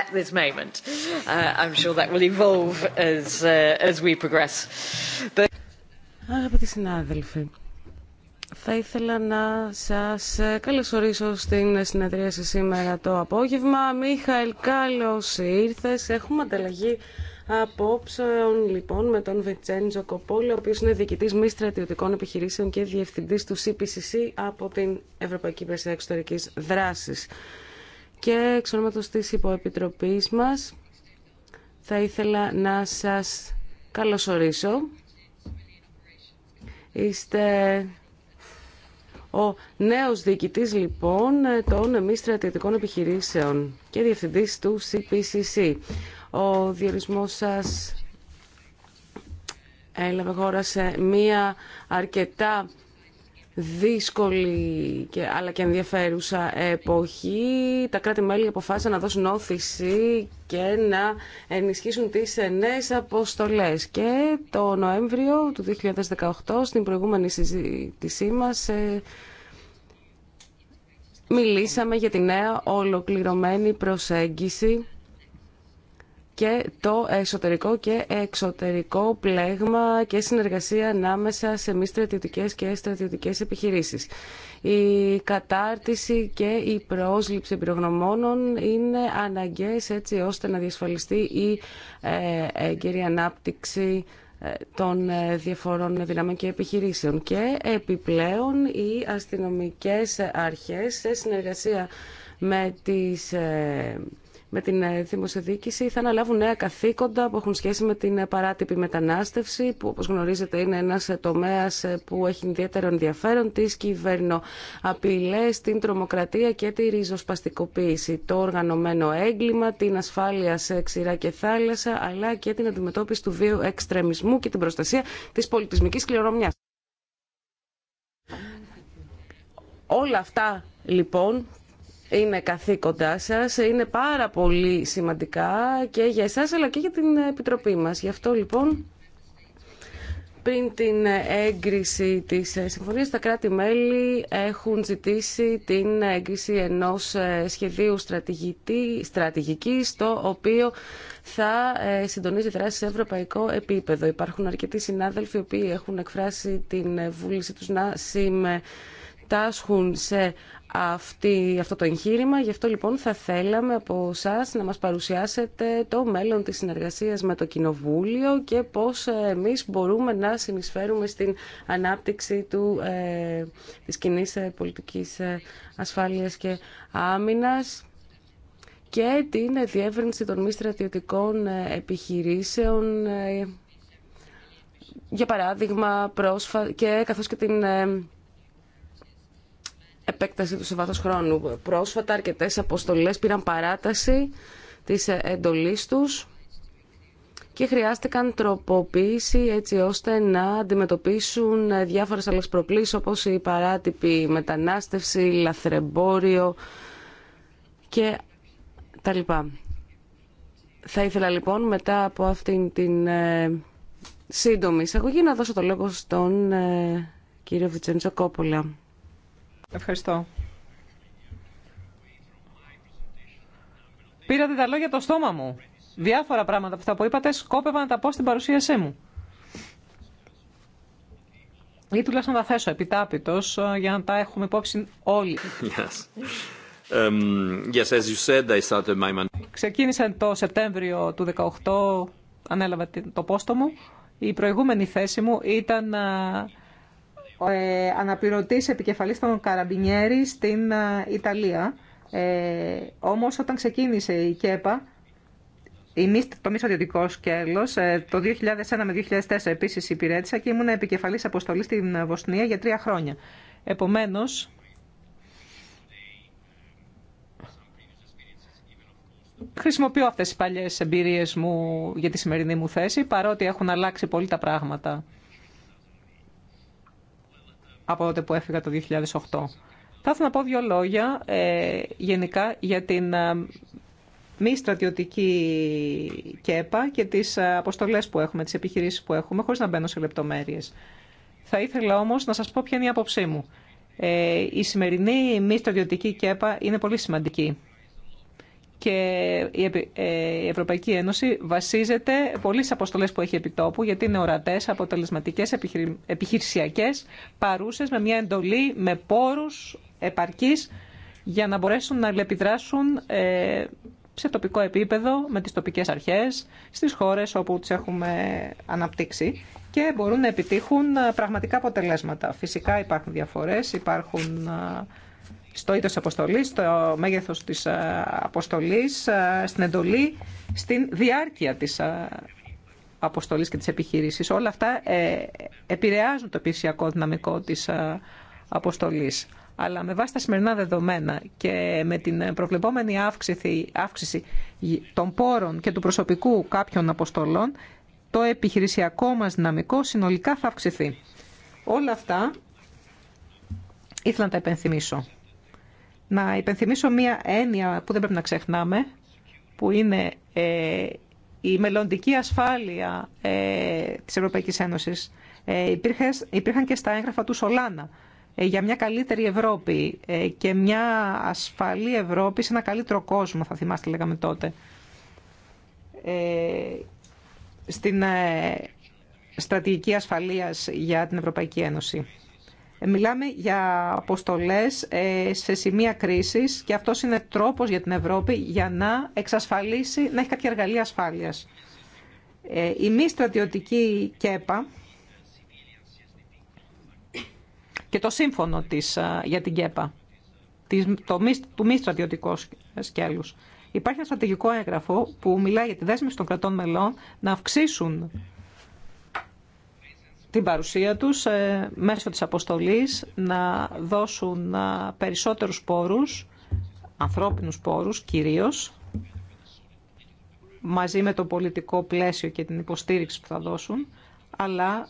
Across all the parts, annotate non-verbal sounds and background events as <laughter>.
at this moment. Uh, I'm sure that will evolve as, uh, as we progress. But... Αγαπητοί συνάδελφοι, θα ήθελα να σας ε, καλωσορίσω στην συνεδρία συνεδρίαση σήμερα το απόγευμα. Μίχαελ, καλώς ήρθες. Έχουμε ανταλλαγή απόψεων λοιπόν με τον Βιτσέντζο Κοπόλη, ο οποίος είναι διοικητής μη στρατιωτικών επιχειρήσεων και διευθυντής του CPCC από την Ευρωπαϊκή Υπηρεσία Εξωτερικής Δράσης και εξ ονόματος της υποεπιτροπής μας θα ήθελα να σας καλωσορίσω. Είστε ο νέος διοικητής λοιπόν των μη στρατιωτικών επιχειρήσεων και διευθυντής του CPCC. Ο διορισμός σας έλαβε χώρα σε μία αρκετά δύσκολη και, αλλά και ενδιαφέρουσα εποχή. Τα κράτη-μέλη αποφάσισαν να δώσουν όθηση και να ενισχύσουν τις νέες αποστολές. Και το Νοέμβριο του 2018, στην προηγούμενη συζήτησή μας, ε, μιλήσαμε για τη νέα ολοκληρωμένη προσέγγιση και το εσωτερικό και εξωτερικό πλέγμα και συνεργασία ανάμεσα σε μη στρατιωτικέ και στρατιωτικέ επιχειρήσεις. Η κατάρτιση και η πρόσληψη εμπειρογνωμόνων είναι αναγκαίες έτσι ώστε να διασφαλιστεί η ε, έγκαιρη ανάπτυξη ε, των ε, διαφορών δυνάμεων και επιχειρήσεων. Και επιπλέον οι αστυνομικές αρχές σε συνεργασία με τις με την ε, δημοσιοδίκηση θα αναλάβουν νέα καθήκοντα που έχουν σχέση με την ε, παράτυπη μετανάστευση που όπως γνωρίζετε είναι ένας ε, τομέας που έχει ιδιαίτερο ενδιαφέρον τις κυβερνοαπειλές, την τρομοκρατία και τη ριζοσπαστικοποίηση, το οργανωμένο έγκλημα, την ασφάλεια σε ξηρά και θάλασσα αλλά και την αντιμετώπιση του βίου εξτρεμισμού και την προστασία της πολιτισμικής κληρονομιάς. Όλα αυτά λοιπόν είναι καθήκοντά σας, είναι πάρα πολύ σημαντικά και για εσά αλλά και για την Επιτροπή μας. Γι' αυτό λοιπόν πριν την έγκριση της συμφωνίας, τα κράτη-μέλη έχουν ζητήσει την έγκριση ενός σχεδίου στρατηγικής, το οποίο θα ε, συντονίζει δράση σε ευρωπαϊκό επίπεδο. Υπάρχουν αρκετοί συνάδελφοι οι οποίοι έχουν εκφράσει την βούληση τους να συμμετέχουν συμμετάσχουν σε αυτή, αυτό το εγχείρημα. Γι' αυτό λοιπόν θα θέλαμε από εσά να μας παρουσιάσετε το μέλλον της συνεργασίας με το Κοινοβούλιο και πώς ε, εμείς μπορούμε να συνεισφέρουμε στην ανάπτυξη του, ε, της κοινή ε, πολιτικής ε, ασφάλειας και άμυνας και την διεύρυνση των μη στρατιωτικών επιχειρήσεων για παράδειγμα πρόσφα... και καθώς και την επέκταση του σε βάθο χρόνου. Πρόσφατα αρκετέ αποστολέ πήραν παράταση της εντολής του και χρειάστηκαν τροποποίηση έτσι ώστε να αντιμετωπίσουν διάφορε άλλε προκλήσει όπω η παράτυπη μετανάστευση, λαθρεμπόριο και τα λοιπά. Θα ήθελα λοιπόν μετά από αυτήν την ε, σύντομη εισαγωγή να δώσω το λόγο στον ε, κύριο Βιτσέντσο Ευχαριστώ. Πήρατε τα λόγια το στόμα μου. Διάφορα πράγματα από αυτά που είπατε σκόπευα να τα πω στην παρουσίασή μου. Ή τουλάχιστον θα τα θέσω επιτάπητος ε, για να τα έχουμε υπόψη όλοι. Yes. Um, yes, as you said, I started my... Ξεκίνησα το Σεπτέμβριο του 2018, ανέλαβα το πόστο μου. Η προηγούμενη θέση μου ήταν ε, ε, αναπληρωτής επικεφαλής των Καραμπινιέρη στην ε, Ιταλία. Ε, όμως όταν ξεκίνησε η ΚΕΠΑ, το μη στρατιωτικό σκέλο, ε, το 2001 με 2004 επίση υπηρέτησα και ήμουν επικεφαλής αποστολή στην Βοσνία για τρία χρόνια. Επομένω, χρησιμοποιώ αυτές τις παλιές εμπειρίες μου για τη σημερινή μου θέση, παρότι έχουν αλλάξει πολύ τα πράγματα από τότε που έφυγα το 2008. Θα ήθελα να πω δύο λόγια ε, γενικά για την ε, μη στρατιωτική ΚΕΠΑ και τις ε, αποστολές που έχουμε, τις επιχειρήσεις που έχουμε, χωρίς να μπαίνω σε λεπτομέρειες. Θα ήθελα όμως να σας πω ποια είναι η άποψή μου. Ε, η σημερινή μη στρατιωτική ΚΕΠΑ είναι πολύ σημαντική και ε, η Ευρωπαϊκή Ένωση βασίζεται πολύ αποστολέ που έχει επιτόπου γιατί είναι ορατές, αποτελεσματικές, επιχειρησιακές, παρούσες με μια εντολή, με πόρους επαρκής για να μπορέσουν να επιδράσουν ε, σε τοπικό επίπεδο με τις τοπικές αρχές στις χώρες όπου τις έχουμε αναπτύξει και μπορούν να επιτύχουν ε, πραγματικά αποτελέσματα. Φυσικά υπάρχουν διαφορέ, υπάρχουν στο είδος αποστολής, στο μέγεθος της ε, αποστολής, ε, στην εντολή, στην διάρκεια της ε, αποστολής και της επιχείρησης. Όλα αυτά επηρεάζουν το επιχειρησιακό δυναμικό της αποστολής. Αλλά με βάση τα σημερινά δεδομένα και με την προβλεπόμενη αύξηση, αύξηση των πόρων και του προσωπικού κάποιων αποστολών, το επιχειρησιακό μας δυναμικό συνολικά θα αυξηθεί. Όλα αυτά ήθελα να τα επενθυμίσω. Να υπενθυμίσω μία έννοια που δεν πρέπει να ξεχνάμε, που είναι ε, η μελλοντική ασφάλεια ε, της Ευρωπαϊκής Ένωσης. Ε, υπήρχαν και στα έγγραφα του Σολάνα για μια καλύτερη Ευρώπη και μια ασφαλή Ευρώπη σε ένα καλύτερο κόσμο, θα θυμάστε λέγαμε τότε. Στην στρατηγική ασφαλείας για την Ευρωπαϊκή Ένωση. Ε, μιλάμε για αποστολές ε, σε σημεία κρίση και αυτό είναι τρόπος για την Ευρώπη για να εξασφαλίσει, να έχει κάποια εργαλεία ασφάλειας. Ε, η μη στρατιωτική ΚΕΠΑ και το σύμφωνο της, για την ΚΕΠΑ, της, το, του μη στρατιωτικού σκέλου. Υπάρχει ένα στρατηγικό έγγραφο που μιλάει για τη δέσμευση των κρατών μελών να αυξήσουν την παρουσία τους ε, μέσω της αποστολής να δώσουν ε, περισσότερους πόρους, ανθρώπινους πόρους κυρίως, μαζί με το πολιτικό πλαίσιο και την υποστήριξη που θα δώσουν, αλλά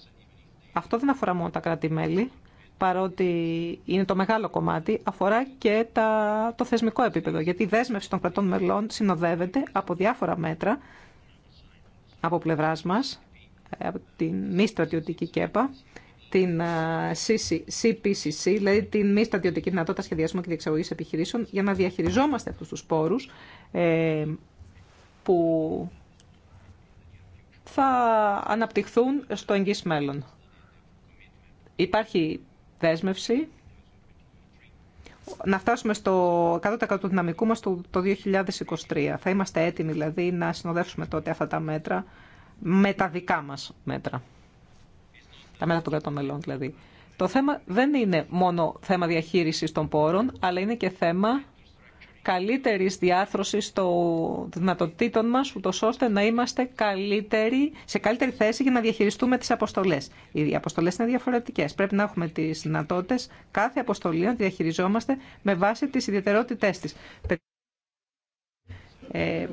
αυτό δεν αφορά μόνο τα κράτη-μέλη, παρότι είναι το μεγάλο κομμάτι, αφορά και τα, το θεσμικό επίπεδο, γιατί η δέσμευση των κρατών μελών συνοδεύεται από διάφορα μέτρα από πλευράς μας, από την μη στρατιωτική ΚΕΠΑ, την CPCC, δηλαδή τη μη στρατιωτική δυνατότητα σχεδιασμού και διεξαγωγή επιχειρήσεων, για να διαχειριζόμαστε αυτού του πόρου ε, που θα αναπτυχθούν στο εγγύ μέλλον. Υπάρχει δέσμευση να φτάσουμε στο 100% του δυναμικού μας το 2023. Θα είμαστε έτοιμοι δηλαδή να συνοδεύσουμε τότε αυτά τα μέτρα με τα δικά μας μέτρα. Τα μέτρα των κρατών μελών δηλαδή. Το θέμα δεν είναι μόνο θέμα διαχείρισης των πόρων, αλλά είναι και θέμα καλύτερης διάθρωσης των δυνατοτήτων μας, ούτω ώστε να είμαστε καλύτεροι, σε καλύτερη θέση για να διαχειριστούμε τις αποστολές. Οι αποστολές είναι διαφορετικές. Πρέπει να έχουμε τις δυνατότητες κάθε αποστολή να διαχειριζόμαστε με βάση τις ιδιαιτερότητές της. Ε,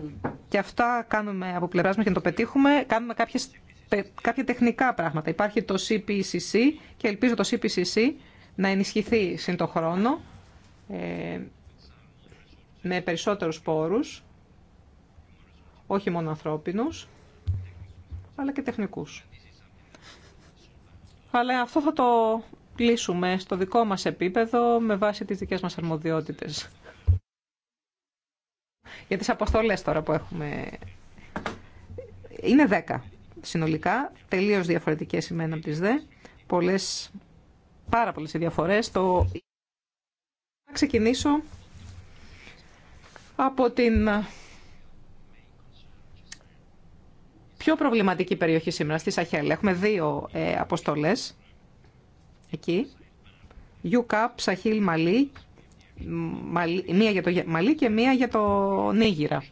και αυτά κάνουμε από πλευρά μα για να το πετύχουμε. Κάνουμε κάποιες, κάποια τεχνικά πράγματα. Υπάρχει το CPCC και ελπίζω το CPCC να ενισχυθεί συν χρόνο ε, με περισσότερους πόρους, όχι μόνο ανθρώπινους, αλλά και τεχνικούς. Αλλά αυτό θα το λύσουμε στο δικό μας επίπεδο με βάση τις δικές μας αρμοδιότητες. Για τις αποστολές τώρα που έχουμε... Είναι 10 συνολικά, τελείως διαφορετικές ημένα από τις ΔΕ. Πολλές, πάρα πολλές οι διαφορές. Το... Θα ξεκινήσω από την ε, πιο προβληματική περιοχή σήμερα, στη Σαχέλ. Έχουμε δύο ε, αποστολές εκεί. UCAP, Σαχίλ, Μαλή μία για το Μαλί και μία για το Νίγηρα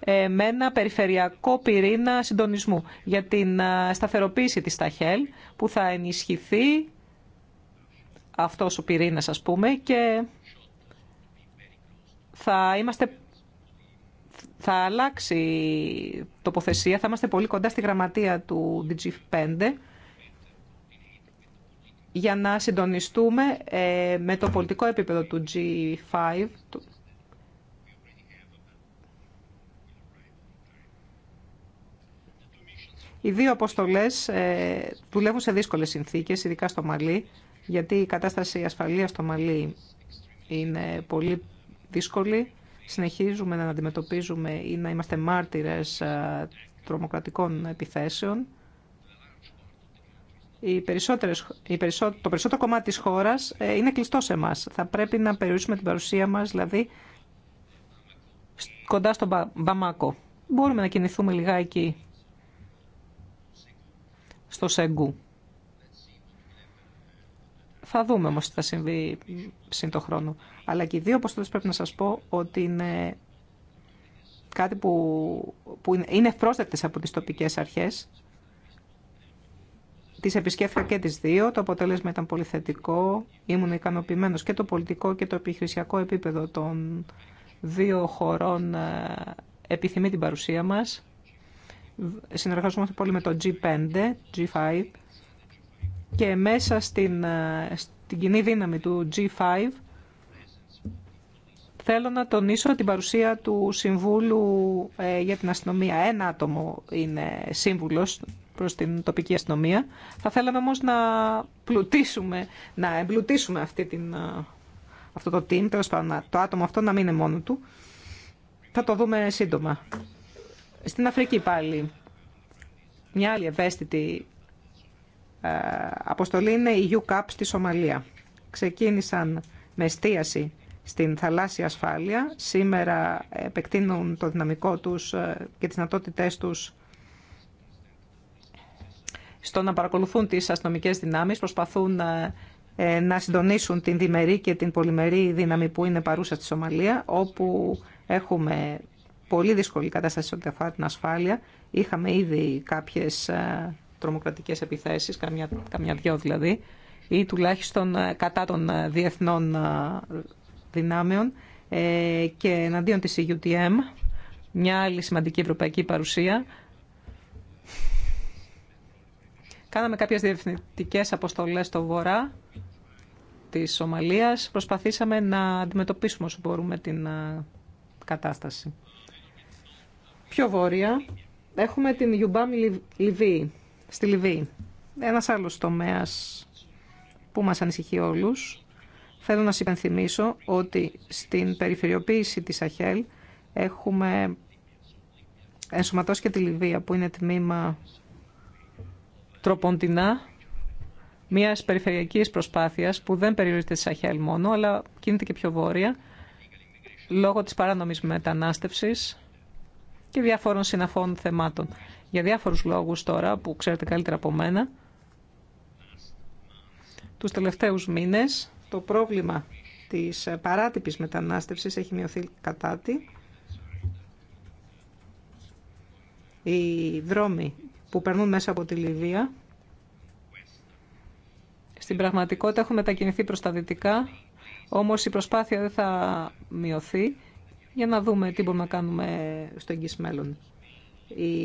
ε, με ένα περιφερειακό πυρήνα συντονισμού για την σταθεροποίηση της Ταχέλ που θα ενισχυθεί αυτός ο πυρήνας ας πούμε και θα είμαστε θα αλλάξει τοποθεσία, θα είμαστε πολύ κοντά στη γραμματεία του DG5 για να συντονιστούμε ε, με το πολιτικό επίπεδο του G5. Οι δύο αποστολές ε, δουλεύουν σε δύσκολες συνθήκες, ειδικά στο Μαλή, γιατί η κατάσταση ασφαλείας στο Μαλί είναι πολύ δύσκολη. Συνεχίζουμε να αντιμετωπίζουμε ή να είμαστε μάρτυρες ε, τρομοκρατικών επιθέσεων το περισσότερο κομμάτι της χώρας ε, είναι κλειστό σε εμά. Θα πρέπει να περιορίσουμε την παρουσία μας, δηλαδή, κοντά στον Μπα, Μπαμάκο. Μπορούμε να κινηθούμε λιγάκι στο Σεγκού. Θα δούμε όμως τι θα συμβεί σύν το χρόνο. Αλλά και οι δύο αποστολές πρέπει να σας πω ότι είναι κάτι που, είναι ευπρόσδεκτες από τις τοπικές αρχές Τις επισκέφθηκα και τις δύο, το αποτέλεσμα ήταν πολύ θετικό, ήμουν ικανοποιημένος και το πολιτικό και το επιχειρησιακό επίπεδο των δύο χωρών ε, επιθυμεί την παρουσία μας. Συνεργαζόμαστε πολύ με το G5, G5 και μέσα στην, ε, στην κοινή δύναμη του G5 θέλω να τονίσω την παρουσία του Συμβούλου ε, για την Αστυνομία. Ένα άτομο είναι σύμβουλος προς την τοπική αστυνομία. Θα θέλαμε όμως να πλουτίσουμε, να εμπλουτίσουμε αυτή την, αυτό το team, τέλος πάντων, το άτομο αυτό να μην είναι μόνο του. Θα το δούμε σύντομα. Στην Αφρική πάλι, μια άλλη ευαίσθητη αποστολή είναι η UCAP στη Σομαλία. Ξεκίνησαν με εστίαση στην θαλάσσια ασφάλεια. Σήμερα επεκτείνουν το δυναμικό τους ε, και τις δυνατότητές τους στο να παρακολουθούν τις αστυνομικές δυνάμεις, προσπαθούν να, ε, ε, να συντονίσουν την διμερή και την πολυμερή δύναμη που είναι παρούσα στη Σομαλία, όπου έχουμε πολύ δύσκολη κατάσταση ό,τι αφορά την ασφάλεια. Είχαμε ήδη κάποιες ε, τρομοκρατικές επιθέσεις, καμιά, καμιά δυο δηλαδή, ή τουλάχιστον κατά των διεθνών δυνάμεων και εναντίον της EUTM, μια άλλη σημαντική ευρωπαϊκή παρουσία Κάναμε κάποιες διευθυντικές αποστολές στο βορρά της Σομαλίας. Προσπαθήσαμε να αντιμετωπίσουμε όσο μπορούμε την κατάσταση. Πιο βόρεια έχουμε την Ιουμπάμ Λιβύη, στη Λιβύη. Ένας άλλος τομέας που μας ανησυχεί όλους. Θέλω να σας υπενθυμίσω ότι στην περιφερειοποίηση της Αχέλ έχουμε ενσωματώσει και τη Λιβύη, που είναι τμήμα τροποντινά μια περιφερειακή προσπάθεια που δεν περιορίζεται στη Σαχέλ μόνο, αλλά κινείται και πιο βόρεια, λόγω τη παράνομη μετανάστευση και διάφορων συναφών θεμάτων. Για διάφορου λόγου τώρα που ξέρετε καλύτερα από μένα, τους τελευταίους μήνες το πρόβλημα της παράτυπης μετανάστευση έχει μειωθεί κατά τη. Οι που περνούν μέσα από τη Λιβύα. Στην πραγματικότητα έχουμε μετακινηθεί προς τα δυτικά, όμως η προσπάθεια δεν θα μειωθεί για να δούμε τι μπορούμε να κάνουμε στο εγγύς μέλλον. Η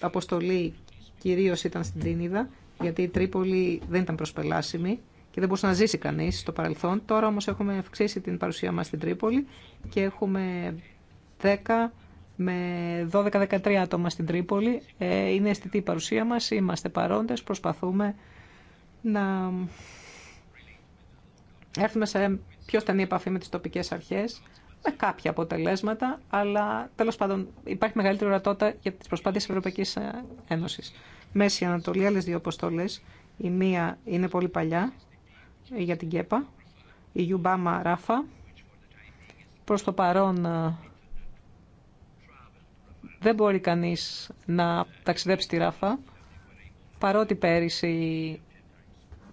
αποστολή κυρίως ήταν στην Τίνιδα, γιατί η Τρίπολη δεν ήταν προσπελάσιμη και δεν μπορούσε να ζήσει κανείς στο παρελθόν. Τώρα όμως έχουμε αυξήσει την παρουσία μας στην Τρίπολη και έχουμε 10 με 12-13 άτομα στην Τρίπολη. Ε, είναι αισθητή η παρουσία μας, είμαστε παρόντες, προσπαθούμε να έρθουμε σε πιο στενή επαφή με τις τοπικές αρχές, με κάποια αποτελέσματα, αλλά τέλος πάντων υπάρχει μεγαλύτερη ορατότητα για τις προσπάθειες Ευρωπαϊκής Ένωσης. Μέση Ανατολή, άλλε δύο αποστολέ. Η μία είναι πολύ παλιά για την ΚΕΠΑ, η Ιουμπάμα Ράφα. Προς το παρόν ε, δεν μπορεί κανείς να ταξιδέψει τη Ράφα, παρότι πέρυσι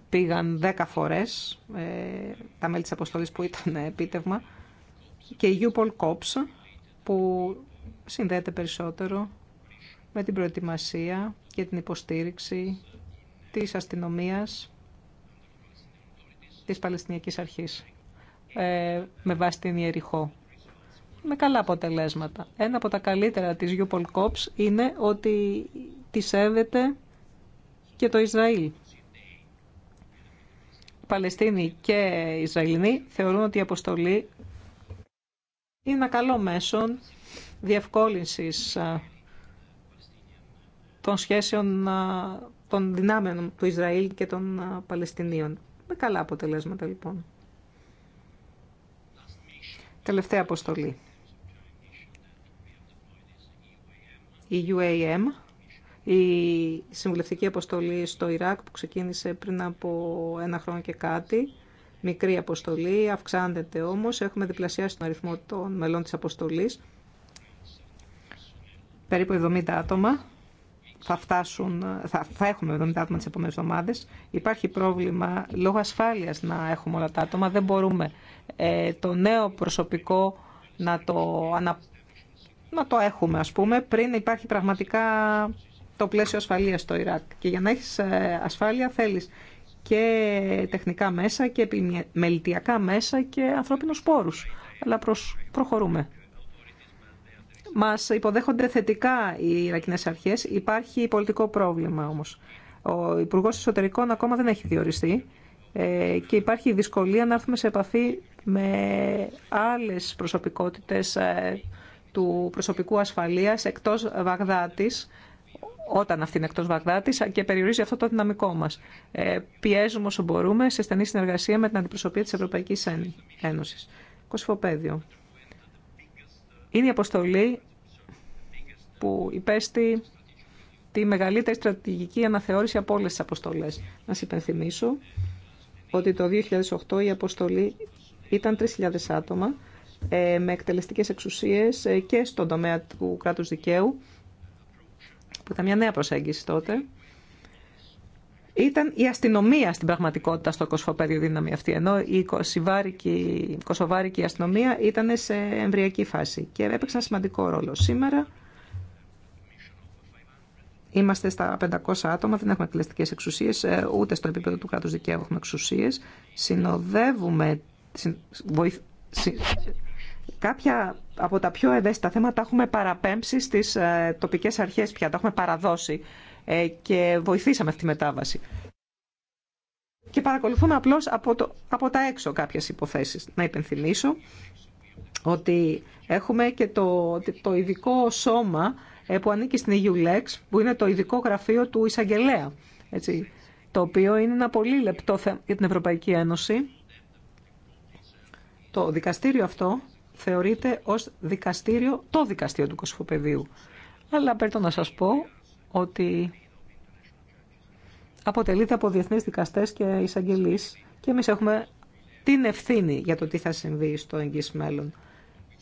πήγαν 10 φορές ε, τα μέλη της αποστολής που ήταν επίτευγμα και η UPOL COPS που συνδέεται περισσότερο με την προετοιμασία και την υποστήριξη της αστυνομίας της Παλαιστινιακής Αρχής ε, με βάση την Ιεριχώ με καλά αποτελέσματα. Ένα από τα καλύτερα της Γιούπολ Cops είναι ότι τη σέβεται και το Ισραήλ. Οι Παλαιστίνοι και οι Ισραηλινοί θεωρούν ότι η αποστολή είναι ένα καλό μέσο διευκόλυνσης των σχέσεων των δυνάμεων του Ισραήλ και των Παλαιστινίων. Με καλά αποτελέσματα λοιπόν. Τελευταία αποστολή. η UAM, η συμβουλευτική αποστολή στο Ιράκ που ξεκίνησε πριν από ένα χρόνο και κάτι. Μικρή αποστολή, αυξάνεται όμως. Έχουμε διπλασιάσει τον αριθμό των μελών της αποστολής. Περίπου 70 άτομα. Θα, φτάσουν, θα, έχουμε 70 άτομα τις επόμενες εβδομάδες. Υπάρχει πρόβλημα λόγω ασφάλειας να έχουμε όλα τα άτομα. Δεν μπορούμε ε, το νέο προσωπικό να το αναπτύξουμε να το έχουμε ας πούμε πριν υπάρχει πραγματικά το πλαίσιο ασφαλεία στο Ιράκ. Και για να έχεις ε, ασφάλεια θέλεις και τεχνικά μέσα και επιμελητιακά μέσα και ανθρώπινους πόρους. Αλλά προχωρούμε. Μας υποδέχονται θετικά οι Ιρακινές αρχές. Υπάρχει πολιτικό πρόβλημα όμως. Ο Υπουργό Εσωτερικών ακόμα δεν έχει διοριστεί ε, και υπάρχει δυσκολία να έρθουμε σε επαφή με άλλες προσωπικότητες ε, του προσωπικού ασφαλείας εκτός Βαγδάτης, όταν αυτή είναι εκτός Βαγδάτης και περιορίζει αυτό το δυναμικό μας. Ε, πιέζουμε όσο μπορούμε σε στενή συνεργασία με την αντιπροσωπεία της Ευρωπαϊκής Ένωσης. Κοσφοπέδιο. Είναι η αποστολή που υπέστη τη μεγαλύτερη στρατηγική αναθεώρηση από όλες τις αποστολές. Να σας υπενθυμίσω ότι το 2008 η αποστολή ήταν 3.000 άτομα ε, με εκτελεστικές εξουσίες ε, και στον τομέα του κράτους δικαίου, που ήταν μια νέα προσέγγιση τότε, ήταν η αστυνομία στην πραγματικότητα στο κοσφοπέδιο δύναμη αυτή, ενώ η κοσοβάρικη, αστυνομία ήταν σε εμβριακή φάση και έπαιξε ένα σημαντικό ρόλο. Σήμερα Είμαστε στα 500 άτομα, δεν έχουμε εκτελεστικές εξουσίε, ε, ούτε στο επίπεδο του κράτου δικαίου έχουμε εξουσίε. Συνοδεύουμε, συ, Κάποια από τα πιο ευαίσθητα θέματα τα έχουμε παραπέμψει στις ε, τοπικές αρχές πια, τα έχουμε παραδώσει ε, και βοηθήσαμε αυτή τη μετάβαση. Και παρακολουθούμε απλώς από, από τα έξω κάποιες υποθέσεις. Να υπενθυμίσω ότι έχουμε και το, το ειδικό σώμα ε, που ανήκει στην EULEX, που είναι το ειδικό γραφείο του Ισαγγελέα. έτσι, το οποίο είναι ένα πολύ λεπτό θέμα για την Ευρωπαϊκή Ένωση. Το δικαστήριο αυτό θεωρείται ως δικαστήριο, το δικαστήριο του Κωσφοπεδίου. Αλλά πρέπει να σας πω ότι αποτελείται από διεθνείς δικαστές και εισαγγελείς και εμείς έχουμε την ευθύνη για το τι θα συμβεί στο εγγύς μέλλον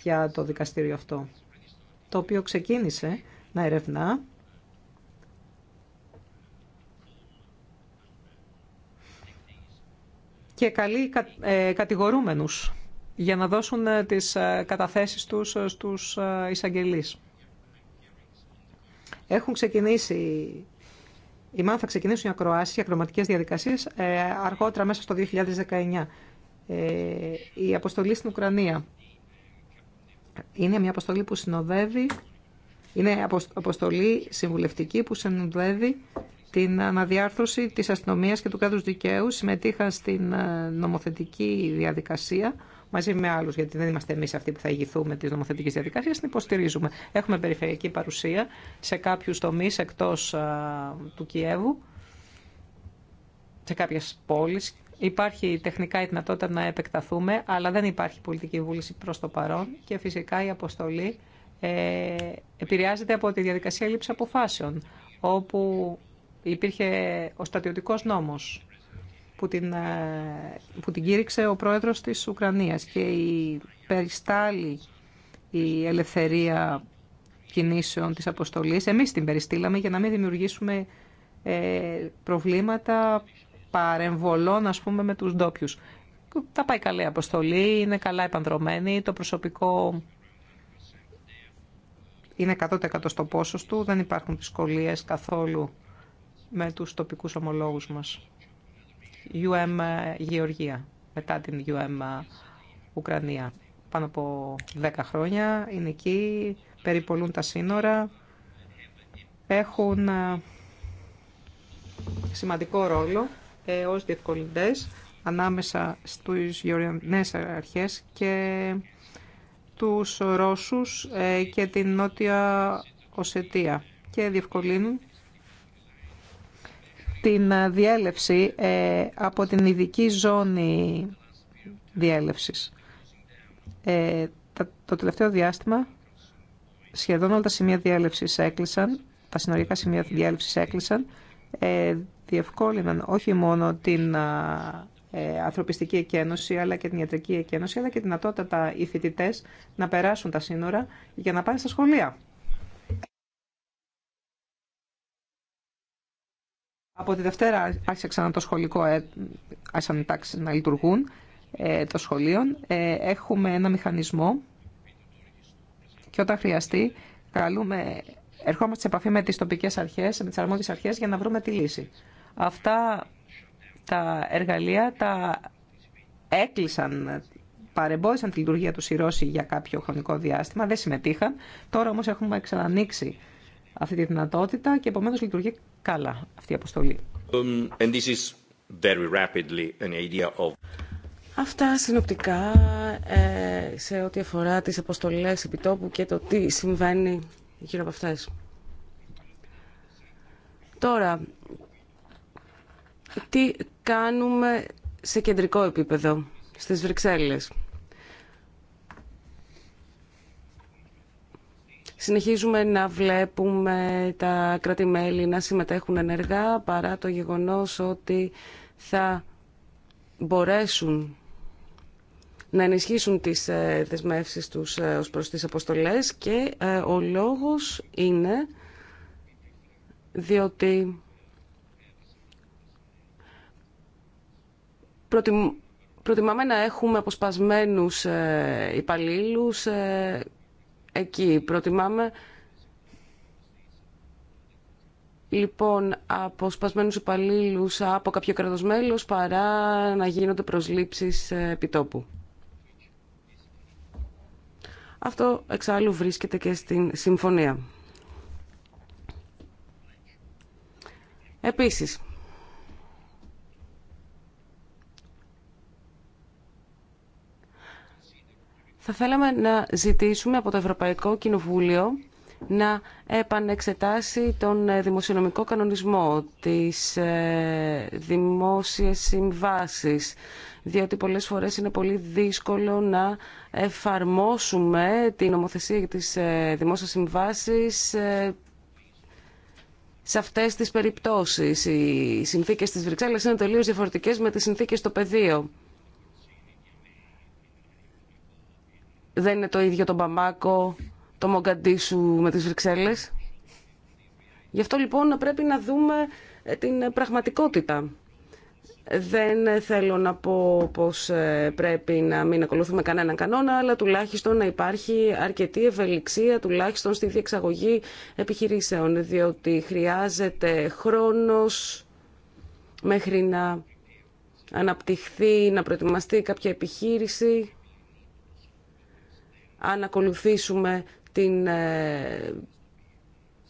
για το δικαστήριο αυτό, το οποίο ξεκίνησε να ερευνά και καλεί ε, κατηγορούμενους για να δώσουν ε, τις ε, καταθέσεις τους ε, στους εισαγγελείς. Έχουν ξεκινήσει, ή ΜΑΝ θα ξεκινήσουν οι ακροάσεις, οι ακροματικές διαδικασίες αργότερα μέσα στο 2019. η αποστολή στην Ουκρανία είναι μια αποστολή που συνοδεύει, είναι αποστολή συμβουλευτική που συνοδεύει την αναδιάρθρωση της αστυνομίας και του κράτους δικαίου. Συμμετείχα στην νομοθετική διαδικασία μαζί με άλλου, γιατί δεν είμαστε εμεί αυτοί που θα ηγηθούμε τη νομοθετική διαδικασία, την υποστηρίζουμε. Έχουμε περιφερειακή παρουσία σε κάποιου τομεί εκτό του Κιέβου, σε κάποιε πόλει. Υπάρχει τεχνικά η δυνατότητα να επεκταθούμε, αλλά δεν υπάρχει πολιτική βούληση προ το παρόν και φυσικά η αποστολή ε, επηρεάζεται από τη διαδικασία λήψη αποφάσεων, όπου υπήρχε ο στατιωτικός νόμος που την, ε, που την κήρυξε ο πρόεδρος της Ουκρανίας και η περιστάλη η ελευθερία κινήσεων της αποστολής. Εμείς την περιστήλαμε για να μην δημιουργήσουμε ε, προβλήματα παρεμβολών, ας πούμε, με τους ντόπιου. Τα πάει καλή αποστολή, είναι καλά επανδρομένη, το προσωπικό είναι 100% στο πόσο του, δεν υπάρχουν δυσκολίε καθόλου με τους τοπικούς ομολόγους μας. UM Γεωργία, μετά την UM Ουκρανία. Πάνω από 10 χρόνια είναι εκεί, περιπολούν τα σύνορα, έχουν ε, σημαντικό ρόλο ε, ως διευκολυντές ανάμεσα στους γεωργιανές αρχές και τους Ρώσους και την Νότια Οσετία και διευκολύνουν την ε, διέλευση ε, από την ειδική ζώνη διέλευσης. Ε, το τελευταίο διάστημα σχεδόν όλα τα σημεία διέλευσης έκλεισαν, τα συνοριακά σημεία διέλευσης έκλεισαν, διευκόλυναν όχι μόνο την ανθρωπιστική εκένωση, αλλά και την ιατρική εκένωση, αλλά και δυνατότητα οι φοιτητέ να περάσουν τα σύνορα για να πάνε στα σχολεία. Από τη Δευτέρα άρχισε ξανά το σχολικό, ε, άρχισαν οι να λειτουργούν ε, των ε, έχουμε ένα μηχανισμό και όταν χρειαστεί καλούμε, ερχόμαστε σε επαφή με τις τοπικές αρχές, με τις αρμόδιες αρχές για να βρούμε τη λύση. Αυτά τα εργαλεία τα έκλεισαν, παρεμπόδισαν τη λειτουργία του οι για κάποιο χρονικό διάστημα, δεν συμμετείχαν. Τώρα όμως έχουμε ξανανοίξει αυτή τη δυνατότητα και επομένως λειτουργεί καλά αυτή η αποστολή. Um, Αυτά συνοπτικά ε, σε ό,τι αφορά τις αποστολές επιτόπου και το τι συμβαίνει γύρω από αυτές. Τώρα, τι κάνουμε σε κεντρικό επίπεδο, στις Βρυξέλλες. Συνεχίζουμε να βλέπουμε τα κράτη-μέλη να συμμετέχουν ενεργά παρά το γεγονός ότι θα μπορέσουν να ενισχύσουν τις ε, δεσμεύσεις τους ε, ως προς τις αποστολές και ε, ο λόγος είναι διότι προτιμάμε να έχουμε αποσπασμένους υπαλλήλους εκεί. Προτιμάμε λοιπόν από σπασμένους υπαλλήλου από κάποιο κράτος παρά να γίνονται προσλήψεις επιτόπου. Αυτό εξάλλου βρίσκεται και στην συμφωνία. Επίσης, θα θέλαμε να ζητήσουμε από το Ευρωπαϊκό Κοινοβούλιο να επανεξετάσει τον ε, δημοσιονομικό κανονισμό, τις ε, δημόσιες συμβάσεις, διότι πολλές φορές είναι πολύ δύσκολο να εφαρμόσουμε την νομοθεσία για τις ε, δημόσιες συμβάσεις σε αυτές τις περιπτώσεις. Οι συνθήκες της Βρυξέλλας είναι τελείως διαφορετικές με τις συνθήκες στο πεδίο. δεν είναι το ίδιο το Μπαμάκο, το Μογκαντήσου με τις Βρυξέλλες. Γι' αυτό λοιπόν πρέπει να δούμε ε, την πραγματικότητα. Δεν θέλω να πω πως ε, πρέπει να μην ακολουθούμε κανέναν κανόνα, αλλά τουλάχιστον να υπάρχει αρκετή ευελιξία, τουλάχιστον στη διεξαγωγή επιχειρήσεων, διότι χρειάζεται χρόνος μέχρι να αναπτυχθεί, να προετοιμαστεί κάποια επιχείρηση αν ακολουθήσουμε την ε,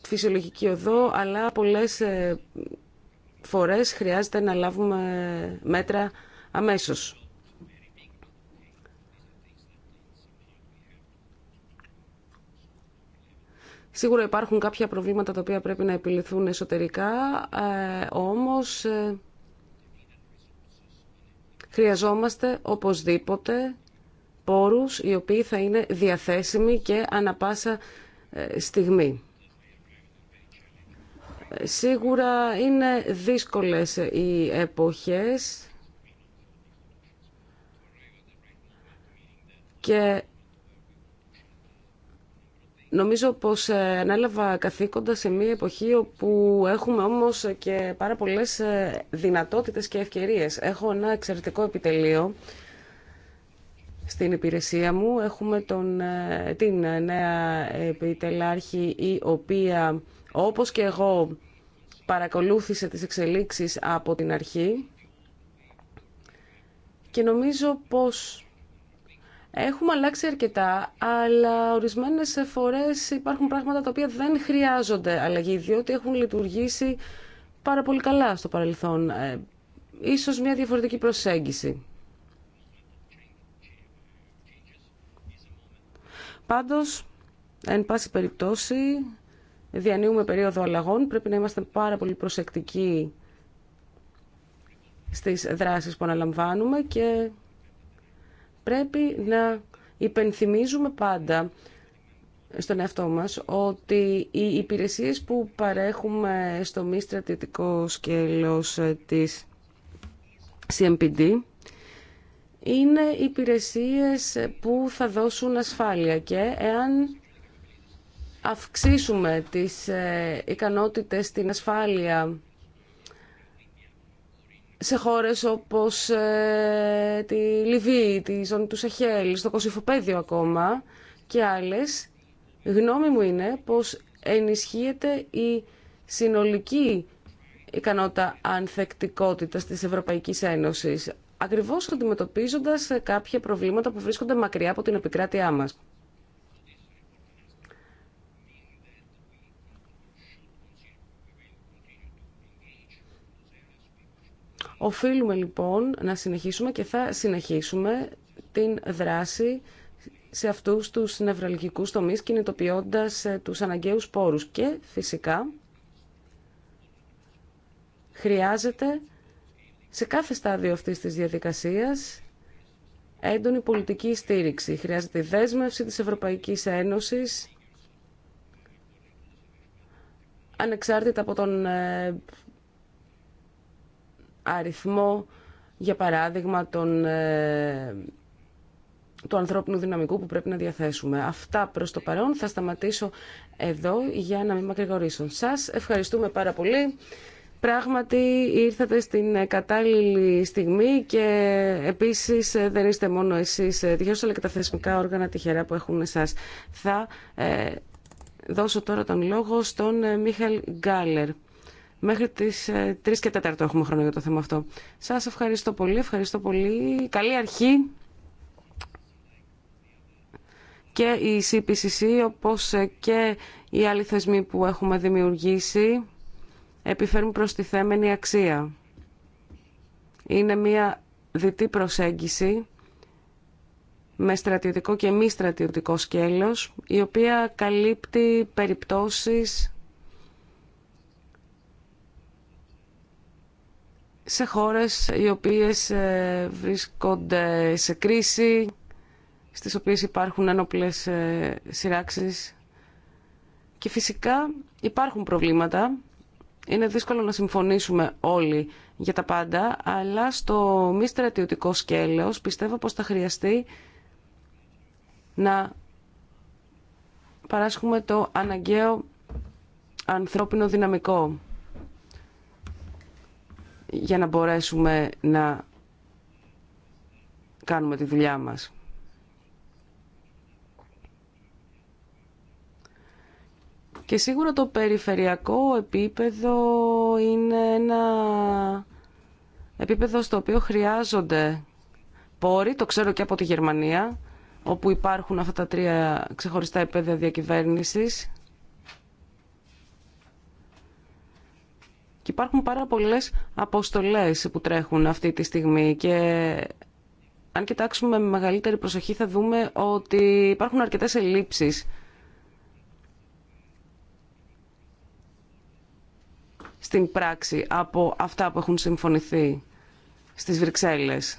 φυσιολογική οδό, αλλά πολλές ε, φορές χρειάζεται να λάβουμε μέτρα αμέσως. Σίγουρα υπάρχουν κάποια προβλήματα τα οποία πρέπει να επιληθούν εσωτερικά, ε, όμως χρειαζόμαστε οπωσδήποτε πόρους οι οποίοι θα είναι διαθέσιμοι και ανα πάσα ε, στιγμή. Ε, σίγουρα είναι δύσκολες οι εποχές και Νομίζω πως ε, ανέλαβα καθήκοντα σε μια εποχή όπου έχουμε όμως και πάρα πολλές δυνατότητες και ευκαιρίες. Έχω ένα εξαιρετικό επιτελείο στην υπηρεσία μου. Έχουμε τον, ε, την ε, νέα επιτελάρχη η οποία όπως και εγώ παρακολούθησε τις εξελίξεις από την αρχή και νομίζω πως έχουμε αλλάξει αρκετά, αλλά ορισμένες φορές υπάρχουν πράγματα τα οποία δεν χρειάζονται αλλαγή, διότι έχουν λειτουργήσει πάρα πολύ καλά στο παρελθόν. Ε, ίσως μια διαφορετική προσέγγιση. Πάντως, εν πάση περιπτώσει, διανύουμε περίοδο αλλαγών. Πρέπει να είμαστε πάρα πολύ προσεκτικοί στις δράσεις που αναλαμβάνουμε και πρέπει να υπενθυμίζουμε πάντα στον εαυτό μας ότι οι υπηρεσίες που παρέχουμε στο μη στρατητικό σκέλος της CMPD είναι υπηρεσίες που θα δώσουν ασφάλεια και εάν αυξήσουμε τις ε, ικανότητες στην ασφάλεια σε χώρες όπως ε, τη Λιβύη, τη ζώνη του Σαχέλ, στο Κωσυφοπέδιο ακόμα και άλλες, γνώμη μου είναι πως ενισχύεται η συνολική ικανότητα ανθεκτικότητας της Ευρωπαϊκής Ένωσης. Ακριβώ αντιμετωπίζοντα ε, κάποια προβλήματα που βρίσκονται μακριά από την επικράτειά μα. Οφείλουμε λοιπόν να συνεχίσουμε και θα συνεχίσουμε την δράση σε αυτούς τους νευραλγικούς τομείς κινητοποιώντας ε, τους αναγκαίους πόρους και φυσικά χρειάζεται σε κάθε στάδιο αυτής της διαδικασίας έντονη πολιτική στήριξη. Χρειάζεται η δέσμευση της Ευρωπαϊκής Ένωσης ανεξάρτητα από τον ε, αριθμό, για παράδειγμα, των, ε, του ανθρώπινου δυναμικού που πρέπει να διαθέσουμε. Αυτά προς το παρόν. Θα σταματήσω εδώ για να μην μακρηγορήσω. Σας ευχαριστούμε πάρα πολύ. Πράγματι ήρθατε στην κατάλληλη στιγμή και επίσης ε, δεν είστε μόνο εσείς τυχαίως αλλά και τα θεσμικά όργανα τυχερά που έχουν εσάς. Θα ε, δώσω τώρα τον λόγο στον ε, Μίχαλ Γκάλερ. Μέχρι τις 3 και 4 έχουμε χρόνο για το θέμα αυτό. Σας ευχαριστώ πολύ, ευχαριστώ πολύ. Καλή αρχή. Και η CPCC όπως και οι άλλοι θεσμοί που έχουμε δημιουργήσει επιφέρουν προστιθέμενη αξία. Είναι μια διτή προσέγγιση με στρατιωτικό και μη στρατιωτικό σκέλος, η οποία καλύπτει περιπτώσεις σε χώρες οι οποίες ε, βρίσκονται σε κρίση, στις οποίες υπάρχουν ένοπλες ε, σειράξεις και φυσικά υπάρχουν προβλήματα είναι δύσκολο να συμφωνήσουμε όλοι για τα πάντα, αλλά στο μη στρατιωτικό σκέλος πιστεύω πως θα χρειαστεί να παράσχουμε το αναγκαίο ανθρώπινο δυναμικό για να μπορέσουμε να κάνουμε τη δουλειά μας. Και σίγουρα το περιφερειακό επίπεδο είναι ένα επίπεδο στο οποίο χρειάζονται πόροι, το ξέρω και από τη Γερμανία, όπου υπάρχουν αυτά τα τρία ξεχωριστά επίπεδα διακυβέρνησης. Και υπάρχουν πάρα πολλές αποστολές που τρέχουν αυτή τη στιγμή και αν κοιτάξουμε με μεγαλύτερη προσοχή θα δούμε ότι υπάρχουν αρκετές ελλείψεις στην πράξη από αυτά που έχουν συμφωνηθεί στις Βρυξέλλες.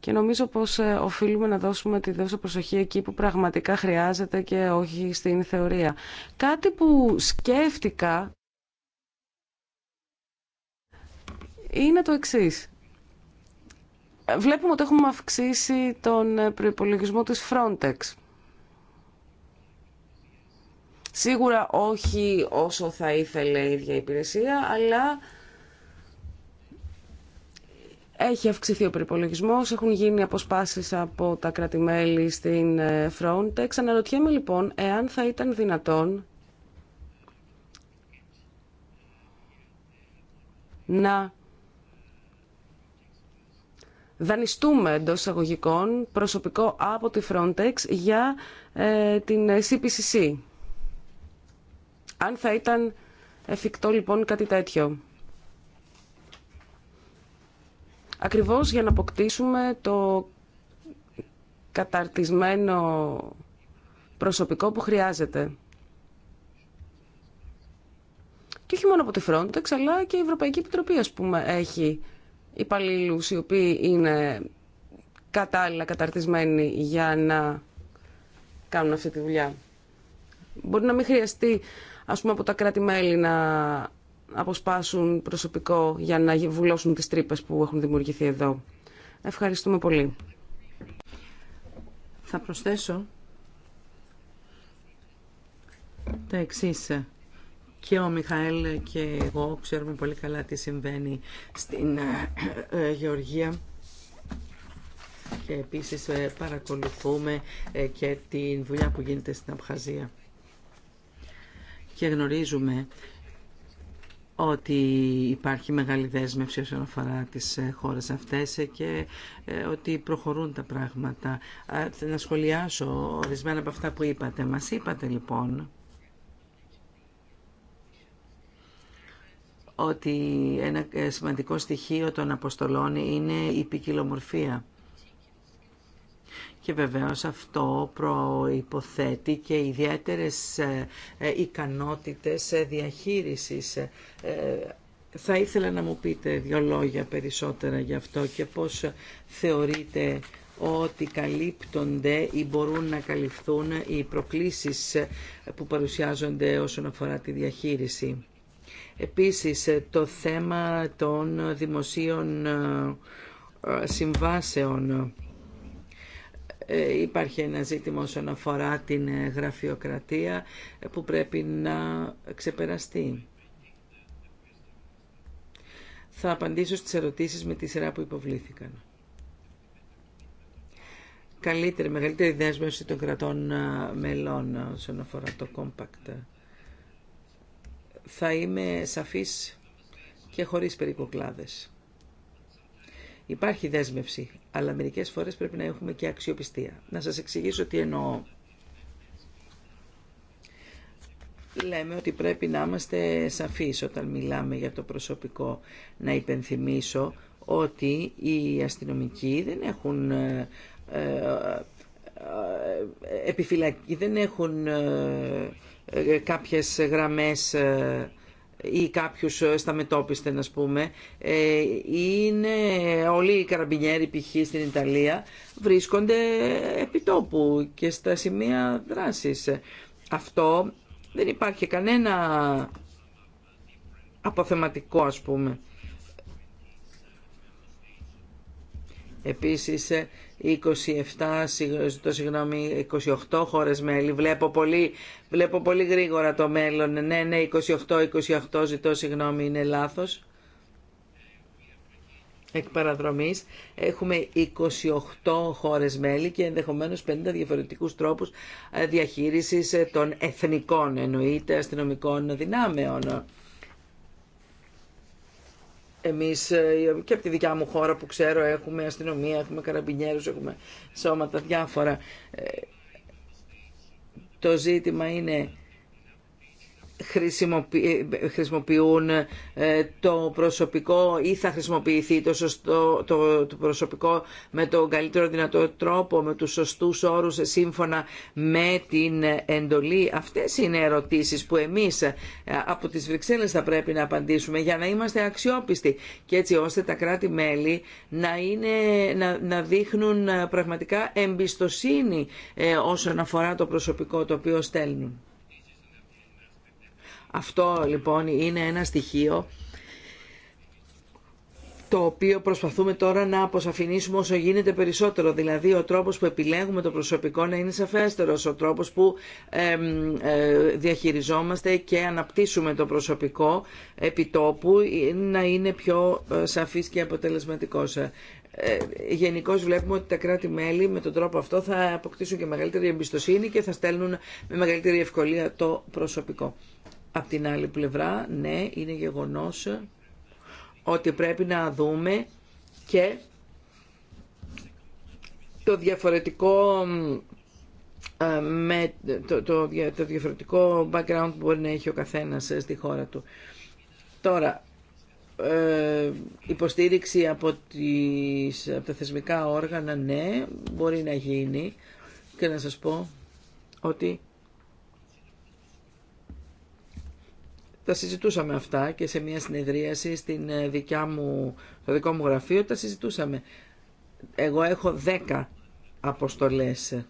Και νομίζω πως ε, οφείλουμε να δώσουμε τη δόση προσοχή εκεί που πραγματικά χρειάζεται και όχι στην θεωρία. Κάτι που σκέφτηκα είναι το εξής. Βλέπουμε ότι έχουμε αυξήσει τον ε, προϋπολογισμό της Frontex. Σίγουρα όχι όσο θα ήθελε η ίδια υπηρεσία, αλλά έχει αυξηθεί ο περιπολογισμό. έχουν γίνει αποσπάσεις από τα κρατη στην ε, Frontex. Αναρωτιέμαι λοιπόν εάν θα ήταν δυνατόν να δανειστούμε εντό εισαγωγικών προσωπικό από τη Frontex για ε, την CPCC. Ε, αν θα ήταν εφικτό λοιπόν κάτι τέτοιο. Ακριβώς για να αποκτήσουμε το καταρτισμένο προσωπικό που χρειάζεται. Και όχι μόνο από τη Frontex, αλλά και η Ευρωπαϊκή Επιτροπή, ας πούμε, έχει υπαλλήλους οι οποίοι είναι κατάλληλα καταρτισμένοι για να κάνουν αυτή τη δουλειά. Μπορεί να μην χρειαστεί ας πούμε από τα κράτη-μέλη να αποσπάσουν προσωπικό για να βουλώσουν τις τρύπε που έχουν δημιουργηθεί εδώ. Ευχαριστούμε πολύ. Θα προσθέσω τα εξής και ο Μιχαήλ και εγώ ξέρουμε πολύ καλά τι συμβαίνει στην ε, ε, Γεωργία και επίσης ε, παρακολουθούμε και την δουλειά που γίνεται στην Απχαζία και γνωρίζουμε ότι υπάρχει μεγάλη δέσμευση όσον αφορά τις ε, χώρες αυτές ε, και ε, ότι προχωρούν τα πράγματα. Να σχολιάσω ορισμένα από αυτά που είπατε. Μας είπατε λοιπόν ότι ένα σημαντικό στοιχείο των αποστολών είναι η ποικιλομορφία και βεβαίως αυτό προϋποθέτει και ιδιαίτερες ε, ε, ικανότητες ε, διαχείρισης. Θα ήθελα να μου πείτε δύο λόγια περισσότερα γι' αυτό και πώς θεωρείτε ότι καλύπτονται ή μπορούν να καλυφθούν οι προκλήσεις που παρουσιάζονται όσον αφορά τη διαχείριση. Επίσης, το θέμα των δημοσίων συμβάσεων ε, υπάρχει ένα ζήτημα όσον αφορά την ε, γραφειοκρατία ε, που πρέπει να ξεπεραστεί. Θα απαντήσω στις ερωτήσεις με τη σειρά που υποβλήθηκαν. Καλύτερη, μεγαλύτερη δέσμευση των κρατών μελών όσον αφορά το compact. Θα είμαι σαφής και χωρίς περικοκλάδες. Υπάρχει δέσμευση, αλλά μερικές φορές πρέπει να έχουμε και αξιοπιστία. Να σας εξηγήσω τι εννοώ. Λέμε ότι πρέπει να είμαστε σαφείς όταν μιλάμε για το προσωπικό. Να υπενθυμίσω ότι οι αστυνομικοί δεν έχουν ε, ε, ε επιφυλακή, δεν έχουν ε, ε, κάποιες γραμμές ή κάποιους ε, στα μετόπιστε να πούμε ε, είναι όλοι οι καραμπινιέροι π.χ. στην Ιταλία βρίσκονται επί τόπου και στα σημεία δράσης αυτό δεν υπάρχει κανένα αποθεματικό ας πούμε επίσης ε, 27, το συγγνώμη, 28 χώρες μέλη. Βλέπω πολύ, βλέπω πολύ γρήγορα το μέλλον. Ναι, ναι, 28, 28, ζητώ συγγνώμη, είναι λάθος. Εκ παραδρομής έχουμε 28 χώρες μέλη και ενδεχομένως 50 διαφορετικούς τρόπους ε, διαχείρισης ε, των εθνικών εννοείται αστυνομικών δυνάμεων εμείς ε, και από τη δικιά μου χώρα που ξέρω έχουμε αστυνομία, έχουμε καραμπινιέρους, έχουμε σώματα διάφορα. Ε, το ζήτημα είναι χρησιμοποιούν ε, το προσωπικό ή θα χρησιμοποιηθεί το, σωστό, το, το προσωπικό με τον καλύτερο δυνατό τρόπο, με τους σωστούς όρους σύμφωνα με την εντολή. Αυτές είναι ερωτήσεις που εμείς ε, από τις Βρυξέλλες θα πρέπει να απαντήσουμε για να είμαστε αξιόπιστοι και έτσι ώστε τα κράτη-μέλη να, είναι, να, να δείχνουν πραγματικά εμπιστοσύνη ε, όσον αφορά το προσωπικό το οποίο στέλνουν. Αυτό λοιπόν είναι ένα στοιχείο το οποίο προσπαθούμε τώρα να αποσαφηνίσουμε όσο γίνεται περισσότερο. Δηλαδή ο τρόπος που επιλέγουμε το προσωπικό να είναι σαφέστερος, ο τρόπος που ε, διαχειριζόμαστε και αναπτύσσουμε το προσωπικό επιτόπου να είναι πιο ε, σαφής και αποτελεσματικός. Ε, Γενικώ βλέπουμε ότι τα κράτη-μέλη με τον τρόπο αυτό θα αποκτήσουν και μεγαλύτερη εμπιστοσύνη και θα στέλνουν με μεγαλύτερη ευκολία το προσωπικό. Απ' την άλλη πλευρά, ναι, είναι γεγονός ότι πρέπει να δούμε και το διαφορετικό ε, το, το, το διαφορετικό background που μπορεί να έχει ο καθένας ε, στη χώρα του. Τώρα, ε, υποστήριξη από, τις, από τα θεσμικά όργανα, ναι, μπορεί να γίνει και να σας πω ότι Τα συζητούσαμε αυτά και σε μια συνεδρίαση στην ε, δικιά μου, στο δικό μου γραφείο τα συζητούσαμε. Εγώ έχω δέκα αποστολές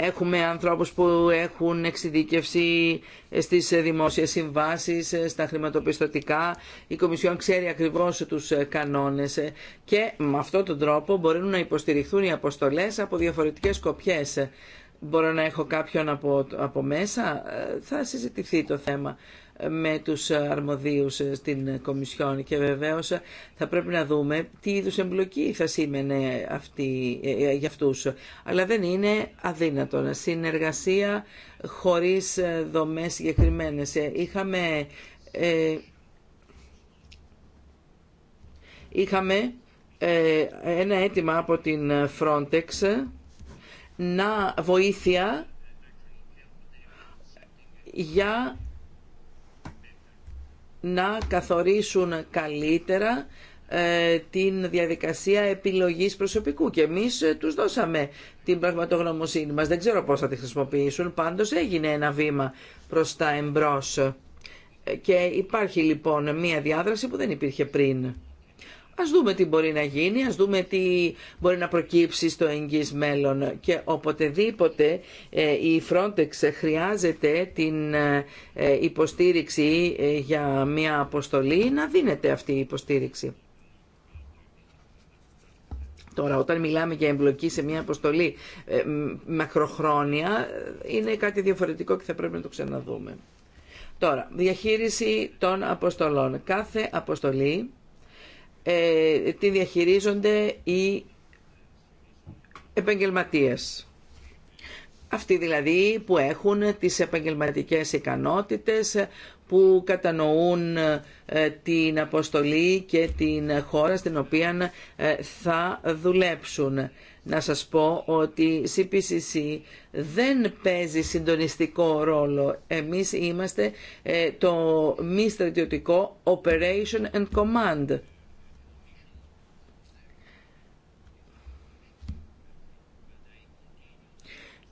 Έχουμε ανθρώπους που έχουν εξειδίκευση στις δημόσιες συμβάσεις, στα χρηματοπιστωτικά. Η Κομισιόν ξέρει ακριβώς τους κανόνες και με αυτόν τον τρόπο μπορούν να υποστηριχθούν οι αποστολές από διαφορετικές σκοπιές. Μπορώ να έχω κάποιον από, από μέσα, ε, θα συζητηθεί το θέμα με τους αρμοδίους ε, στην Κομισιόν και βεβαίως ε, θα πρέπει να δούμε τι είδους εμπλοκή θα σήμαινε αυτή, ε, για αυτούς. Αλλά δεν είναι αδύνατον. Συνεργασία χωρίς δομές συγκεκριμένε. Είχαμε, είχαμε ένα αίτημα από την Frontex να βοήθεια για να καθορίσουν καλύτερα ε, την διαδικασία επιλογής προσωπικού και εμείς ε, τους δώσαμε την πραγματογνωμοσύνη μας. Δεν ξέρω πώς θα τη χρησιμοποιήσουν, πάντως έγινε ένα βήμα προς τα εμπρός ε, και υπάρχει λοιπόν μία διάδραση που δεν υπήρχε πριν. Ας δούμε τι μπορεί να γίνει, ας δούμε τι μπορεί να προκύψει στο εγγύς μέλλον και οποτεδήποτε ε, η Frontex χρειάζεται την ε, υποστήριξη ε, για μια αποστολή να δίνεται αυτή η υποστήριξη. Τώρα, όταν μιλάμε για εμπλοκή σε μια αποστολή μακροχρόνια, είναι κάτι διαφορετικό και θα πρέπει να το ξαναδούμε. Τώρα, διαχείριση των αποστολών. Κάθε αποστολή ε, τη διαχειρίζονται οι επαγγελματίες. Αυτοί δηλαδή που έχουν τις επαγγελματικές ικανότητες, που κατανοούν ε, την αποστολή και την χώρα στην οποία ε, θα δουλέψουν. Να σας πω ότι η CPCC δεν παίζει συντονιστικό ρόλο. Εμείς είμαστε το μη στρατιωτικό Operation and Command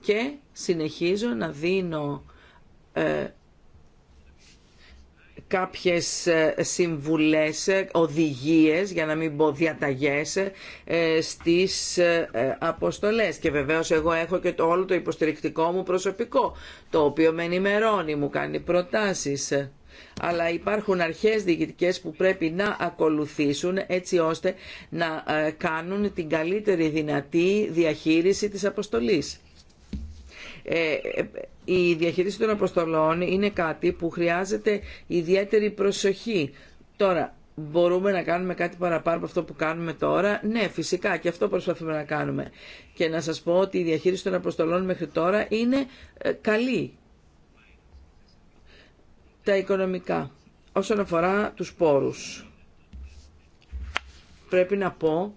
και συνεχίζω να δίνω ε, κάποιες ε, συμβουλές, ε, οδηγίες, για να μην πω διαταγές, ε, στις αποστολές. Και βεβαίως εγώ έχω και το όλο το υποστηρικτικό μου προσωπικό, το οποίο με ενημερώνει, μου κάνει προτάσεις. Αλλά υπάρχουν αρχές διοικητικές που πρέπει να ακολουθήσουν έτσι ώστε να κάνουν την καλύτερη δυνατή διαχείριση της αποστολής. Ε, ε, η διαχείριση των αποστολών είναι κάτι που χρειάζεται ιδιαίτερη προσοχή. Τώρα, μπορούμε να κάνουμε κάτι παραπάνω από αυτό που κάνουμε τώρα. Ναι, φυσικά και αυτό προσπαθούμε να κάνουμε. Και να σας πω ότι η διαχείριση των αποστολών μέχρι τώρα είναι ε, καλή. Τα οικονομικά. Όσον αφορά τους πόρους, πρέπει να πω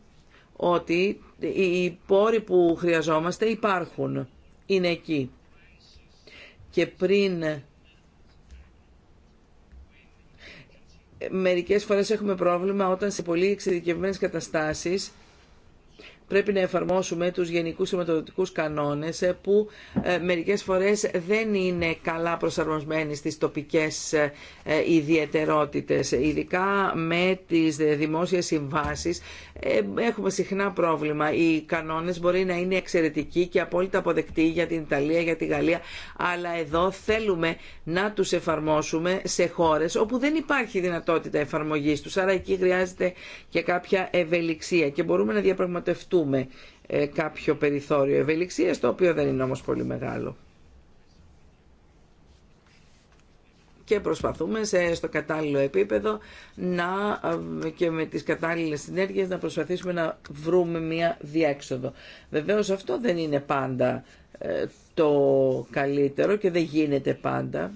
ότι οι πόροι που χρειαζόμαστε υπάρχουν είναι εκεί. Και πριν ε, μερικές φορές έχουμε πρόβλημα όταν σε πολύ εξειδικευμένες καταστάσεις πρέπει να εφαρμόσουμε τους γενικούς σηματοδοτικούς κανόνες ε, που ε, μερικές φορές δεν είναι καλά προσαρμοσμένοι στις τοπικές ε, ιδιαιτερότητες. Ειδικά με τις δημόσιες συμβάσεις έχουμε συχνά πρόβλημα. Οι κανόνες μπορεί να είναι εξαιρετικοί και απόλυτα αποδεκτοί για την Ιταλία, για τη Γαλλία, αλλά εδώ θέλουμε να τους εφαρμόσουμε σε χώρες όπου δεν υπάρχει δυνατότητα εφαρμογής τους. Άρα εκεί χρειάζεται και κάποια ευελιξία και μπορούμε να διαπραγματευτούμε δούμε ε, κάποιο περιθώριο ευελιξίας, το οποίο δεν είναι όμως πολύ μεγάλο. και προσπαθούμε στο κατάλληλο επίπεδο να, ε, και με τις κατάλληλες συνέργειες να προσπαθήσουμε να βρούμε μια διέξοδο. Βεβαίως αυτό δεν είναι πάντα ε, το καλύτερο και δεν γίνεται πάντα.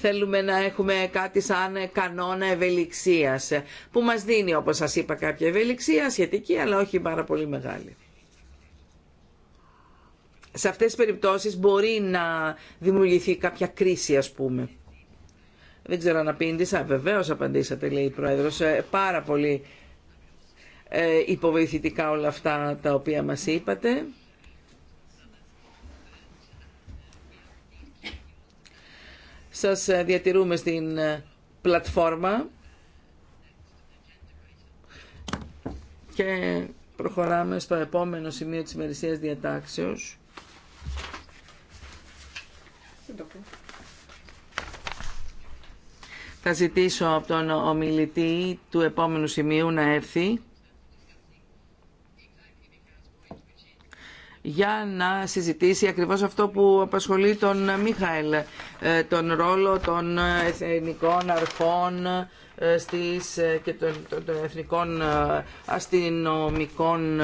θέλουμε να έχουμε κάτι σαν κανόνα ευελιξίας που μας δίνει όπως σας είπα κάποια ευελιξία σχετική αλλά όχι πάρα πολύ μεγάλη. Σε αυτές τις περιπτώσεις μπορεί να δημιουργηθεί κάποια κρίση ας πούμε. Δεν ξέρω αν απήντησα, βεβαίως απαντήσατε λέει η Πρόεδρος, ε, πάρα πολύ ε, υποβοηθητικά όλα αυτά τα οποία μας είπατε. Σας ε, διατηρούμε στην ε, πλατφόρμα και προχωράμε στο επόμενο σημείο της ημερησίας διατάξεως. Θα ζητήσω από τον ομιλητή του επόμενου σημείου να έρθει. για να συζητήσει ακριβώς αυτό που απασχολεί τον Μίχαελ, ε, τον ρόλο των εθνικών αρχών ε, στις, ε, και των, εθνικών αστυνομικών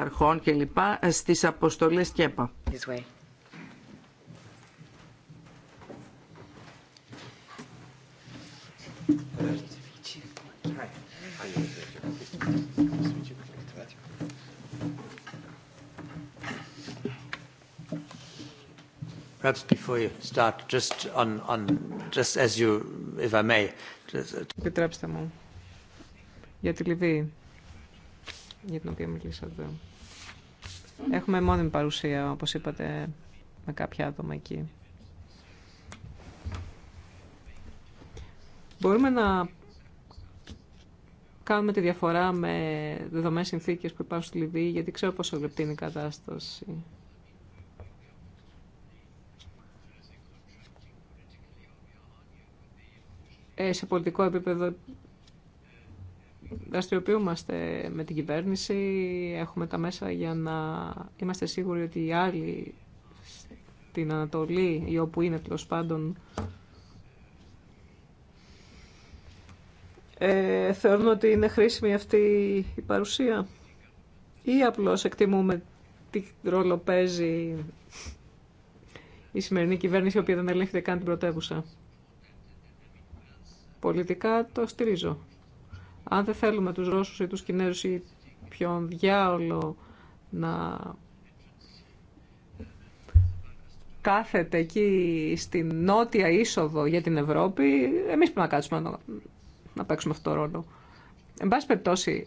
αρχών κλπ. στις αποστολές ΚΕΠΑ. Perhaps before you start, just on, on, just as you, if I may. Uh, Επιτρέψτε μου. Για τη Λιβύη, για την οποία μιλήσατε. Έχουμε μόνιμη παρουσία, όπως είπατε, με κάποια άτομα εκεί. Μπορούμε να κάνουμε τη διαφορά με δεδομένες συνθήκες που υπάρχουν στη Λιβύη, γιατί ξέρω πόσο γλυπτή είναι η κατάσταση Ε, σε πολιτικό επίπεδο δραστηριοποιούμαστε με την κυβέρνηση, έχουμε τα μέσα για να είμαστε σίγουροι ότι οι άλλοι στην Ανατολή ή όπου είναι τέλο πάντων ε, θεωρούν ότι είναι χρήσιμη αυτή η παρουσία ή απλώς εκτιμούμε τι ρόλο παίζει η σημερινή κυβέρνηση η οποία δεν ελέγχεται καν την πρωτεύουσα. Πολιτικά το στηρίζω. Αν δεν θέλουμε τους Ρώσους ή τους Κινέζους ή ποιον διάολο να κάθεται εκεί στην νότια είσοδο για την Ευρώπη, εμείς πρέπει να κάτσουμε να, παίξουμε αυτό τον ρόλο. Εν πάση περιπτώσει,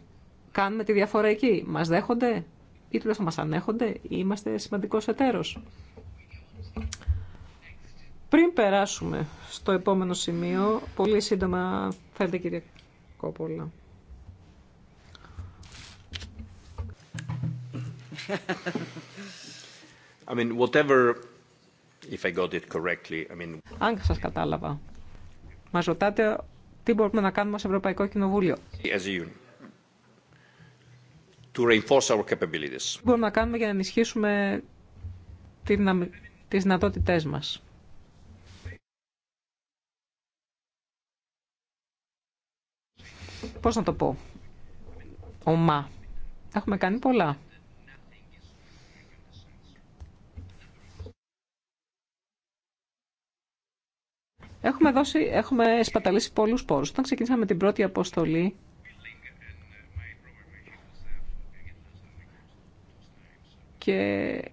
κάνουμε τη διαφορά εκεί. Μας δέχονται ή τουλάχιστον μας ανέχονται ή είμαστε σημαντικός εταίρος. Πριν περάσουμε στο επόμενο σημείο, πολύ σύντομα θέλετε κύριε Κόπολα. <laughs> I mean, whatever, if I got it correctly, I mean... Αν σας κατάλαβα, μας ρωτάτε τι μπορούμε να κάνουμε ως Ευρωπαϊκό Κοινοβούλιο. As To reinforce our capabilities. Τι μπορούμε να κάνουμε για να ενισχύσουμε τις δυνατότητές μας. πώς να το πω, ομά. Έχουμε κάνει πολλά. Έχουμε, δώσει, έχουμε σπαταλήσει πολλούς πόρους. Όταν ξεκίνησαμε την πρώτη αποστολή, και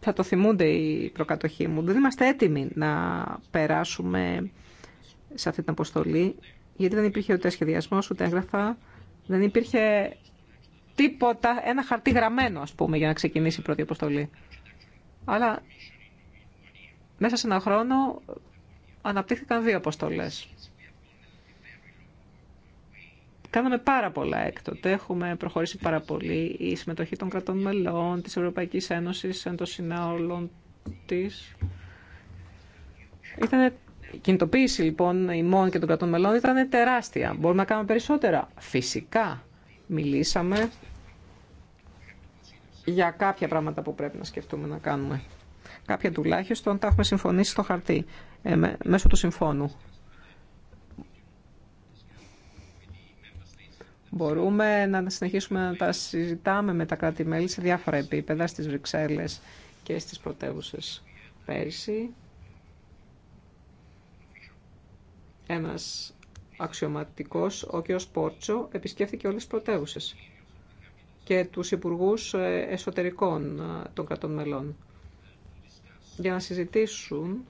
θα το θυμούνται οι προκατοχοί μου. Δεν είμαστε έτοιμοι να περάσουμε σε αυτή την αποστολή γιατί δεν υπήρχε ούτε σχεδιασμό, ούτε έγγραφα, δεν υπήρχε τίποτα, ένα χαρτί γραμμένο, ας πούμε, για να ξεκινήσει η πρώτη αποστολή. Αλλά μέσα σε ένα χρόνο αναπτύχθηκαν δύο αποστολέ. Κάναμε πάρα πολλά έκτοτε. Έχουμε προχωρήσει πάρα πολύ. Η συμμετοχή των κρατών μελών, της Ευρωπαϊκής Ένωσης, εντός συνάολων της, ήταν η κινητοποίηση λοιπόν ημών και των κρατών μελών ήταν τεράστια. Μπορούμε να κάνουμε περισσότερα. Φυσικά μιλήσαμε για κάποια πράγματα που πρέπει να σκεφτούμε να κάνουμε. Κάποια τουλάχιστον τα έχουμε συμφωνήσει στο χαρτί, ε, μέσω του συμφώνου. Μπορούμε να συνεχίσουμε να τα συζητάμε με τα κράτη-μέλη σε διάφορα επίπεδα, στις Βρυξέλλες και στις πρωτεύουσες πέρσι. Ένας αξιωματικός, ο κ. Πόρτσο, επισκέφθηκε όλες τις πρωτεύουσες και τους υπουργούς ε, εσωτερικών ε, των κρατών μελών για να συζητήσουν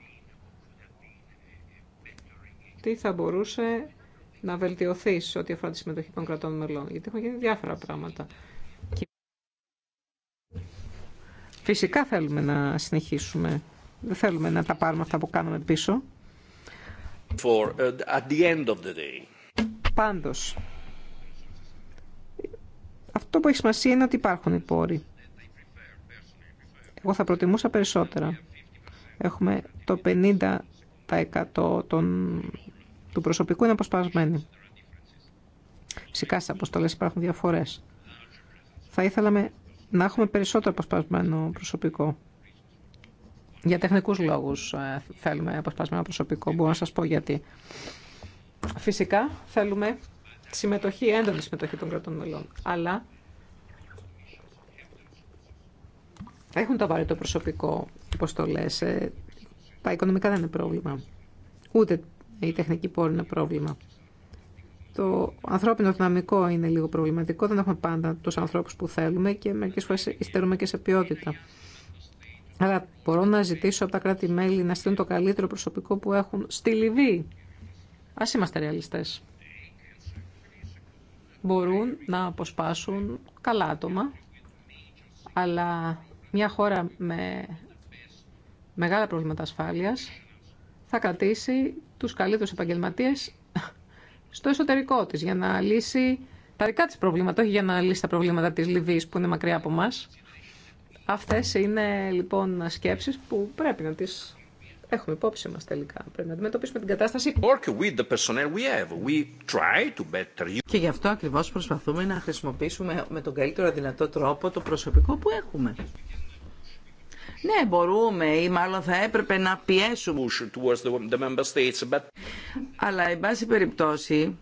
τι θα μπορούσε να βελτιωθεί σε ό,τι αφορά τη συμμετοχή των κρατών μελών. Γιατί έχουν γίνει διάφορα πράγματα. Φυσικά θέλουμε να συνεχίσουμε. Δεν θέλουμε να τα πάρουμε αυτά που κάνουμε πίσω. For, uh, Πάντως, αυτό που έχει σημασία είναι ότι υπάρχουν οι πόροι. Εγώ θα προτιμούσα περισσότερα. Έχουμε το 50% των, του προσωπικού είναι αποσπασμένοι. Φυσικά στις αποστολές υπάρχουν διαφορές. Θα ήθελαμε να έχουμε περισσότερο αποσπασμένο προσωπικό. Για τεχνικούς λόγους ε, θέλουμε αποσπασμένο προσωπικό. Μπορώ να σας πω γιατί. Φυσικά θέλουμε συμμετοχή, έντονη συμμετοχή των κρατών μελών. Αλλά έχουν το απαραίτητο προσωπικό, όπως το ε, Τα οικονομικά δεν είναι πρόβλημα. Ούτε η τεχνική πόρη είναι πρόβλημα. Το ανθρώπινο δυναμικό είναι λίγο προβληματικό. Δεν έχουμε πάντα τους ανθρώπους που θέλουμε και μερικές φορές υστερούμε και σε ποιότητα. Άρα μπορώ να ζητήσω από τα κράτη-μέλη να στείλουν το καλύτερο προσωπικό που έχουν στη Λιβύη. Ας είμαστε ρεαλιστές. Μπορούν να αποσπάσουν καλά άτομα, αλλά μια χώρα με μεγάλα προβλήματα ασφάλειας θα κρατήσει τους καλύτερους επαγγελματίες στο εσωτερικό της για να λύσει τα δικά της προβλήματα, όχι για να λύσει τα προβλήματα της Λιβύης που είναι μακριά από μας. Αυτές είναι λοιπόν σκέψεις που πρέπει να τις έχουμε υπόψη μας τελικά. Πρέπει να αντιμετωπίσουμε την κατάσταση. Και γι' αυτό ακριβώς προσπαθούμε να χρησιμοποιήσουμε με τον καλύτερο δυνατό τρόπο το προσωπικό που έχουμε. Ναι, μπορούμε ή μάλλον θα έπρεπε να πιέσουμε. Αλλά, εν πάση περιπτώσει,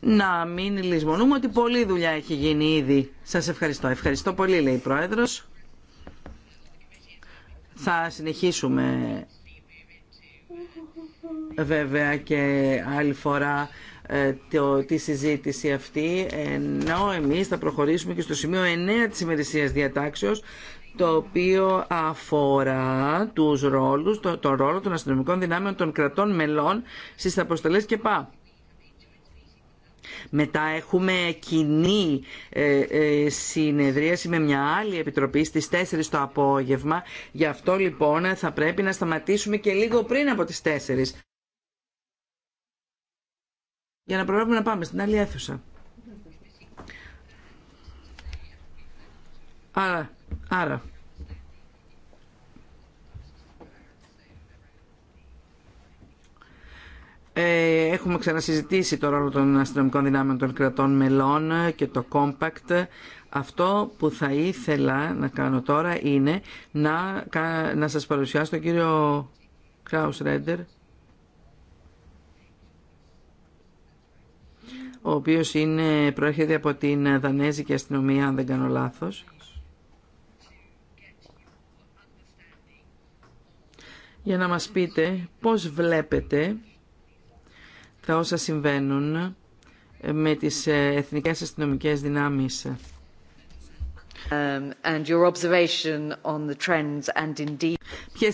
να μην λησμονούμε ότι πολλή δουλειά έχει γίνει ήδη. Σας ευχαριστώ. Ευχαριστώ πολύ, λέει η Πρόεδρος. Θα συνεχίσουμε βέβαια και άλλη φορά ε, το, τη συζήτηση αυτή, ενώ εμείς θα προχωρήσουμε και στο σημείο 9 της ημερησίας διατάξεως, το οποίο αφορά τους ρόλους, το, ρόλο των αστυνομικών δυνάμεων των κρατών μελών στις αποστολές και πά. Μετά έχουμε κοινή ε, ε, συνεδρίαση με μια άλλη επιτροπή στις 4 το απόγευμα. Γι' αυτό λοιπόν θα πρέπει να σταματήσουμε και λίγο πριν από τις 4. Για να προλάβουμε να πάμε στην άλλη αίθουσα. Άρα, άρα Ε, έχουμε ξανασυζητήσει το ρόλο των αστυνομικών δυνάμεων των κρατών μελών και το Compact. Αυτό που θα ήθελα να κάνω τώρα είναι να, να σας παρουσιάσω τον κύριο Κράους Ρέντερ, ο οποίος είναι, προέρχεται από την Δανέζικη αστυνομία, αν δεν κάνω λάθος. Για να μας πείτε πώς βλέπετε τα όσα συμβαίνουν ε, με τις ε, εθνικές αστυνομικές δυνάμεις. Um, and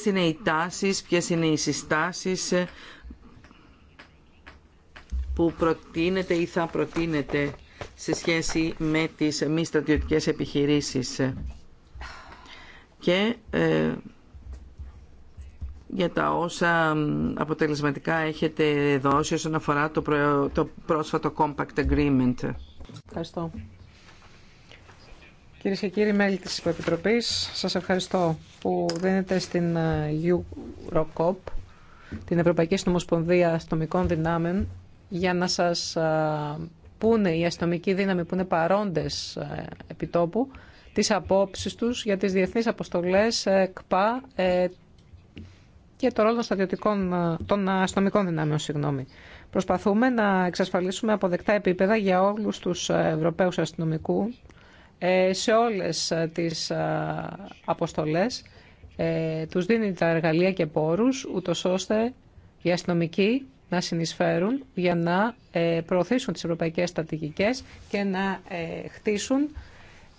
είναι οι τάσεις, ποιες είναι οι συστάσεις ε, που προτείνεται ή θα προτείνεται σε σχέση με τις μη στρατιωτικές επιχειρήσεις. Και ε, για τα όσα αποτελεσματικά έχετε δώσει όσον αφορά το, το πρόσφατο Compact Agreement. Ευχαριστώ. Κυρίε και κύριοι μέλη της Υποεπιτροπής, σας ευχαριστώ που δίνετε στην ε, Eurocop, την Ευρωπαϊκή Συνομοσπονδία Αστομικών Δυνάμεων, για να σας ε, πούνε οι αστομικοί δύναμοι που είναι παρόντες ε, επιτόπου, τις απόψεις τους για τις διεθνείς αποστολές ΚΠΑ και το ρόλο των, ε, των ε, αστυνομικών δυνάμεων. Συγγνώμη. Προσπαθούμε να εξασφαλίσουμε αποδεκτά επίπεδα για όλους τους ε, Ευρωπαίους αστυνομικού σε όλες τις αποστολές. Τους δίνει τα εργαλεία και πόρους, ούτως ώστε οι αστυνομικοί να συνεισφέρουν για να προωθήσουν τις ευρωπαϊκές στρατηγικές και να χτίσουν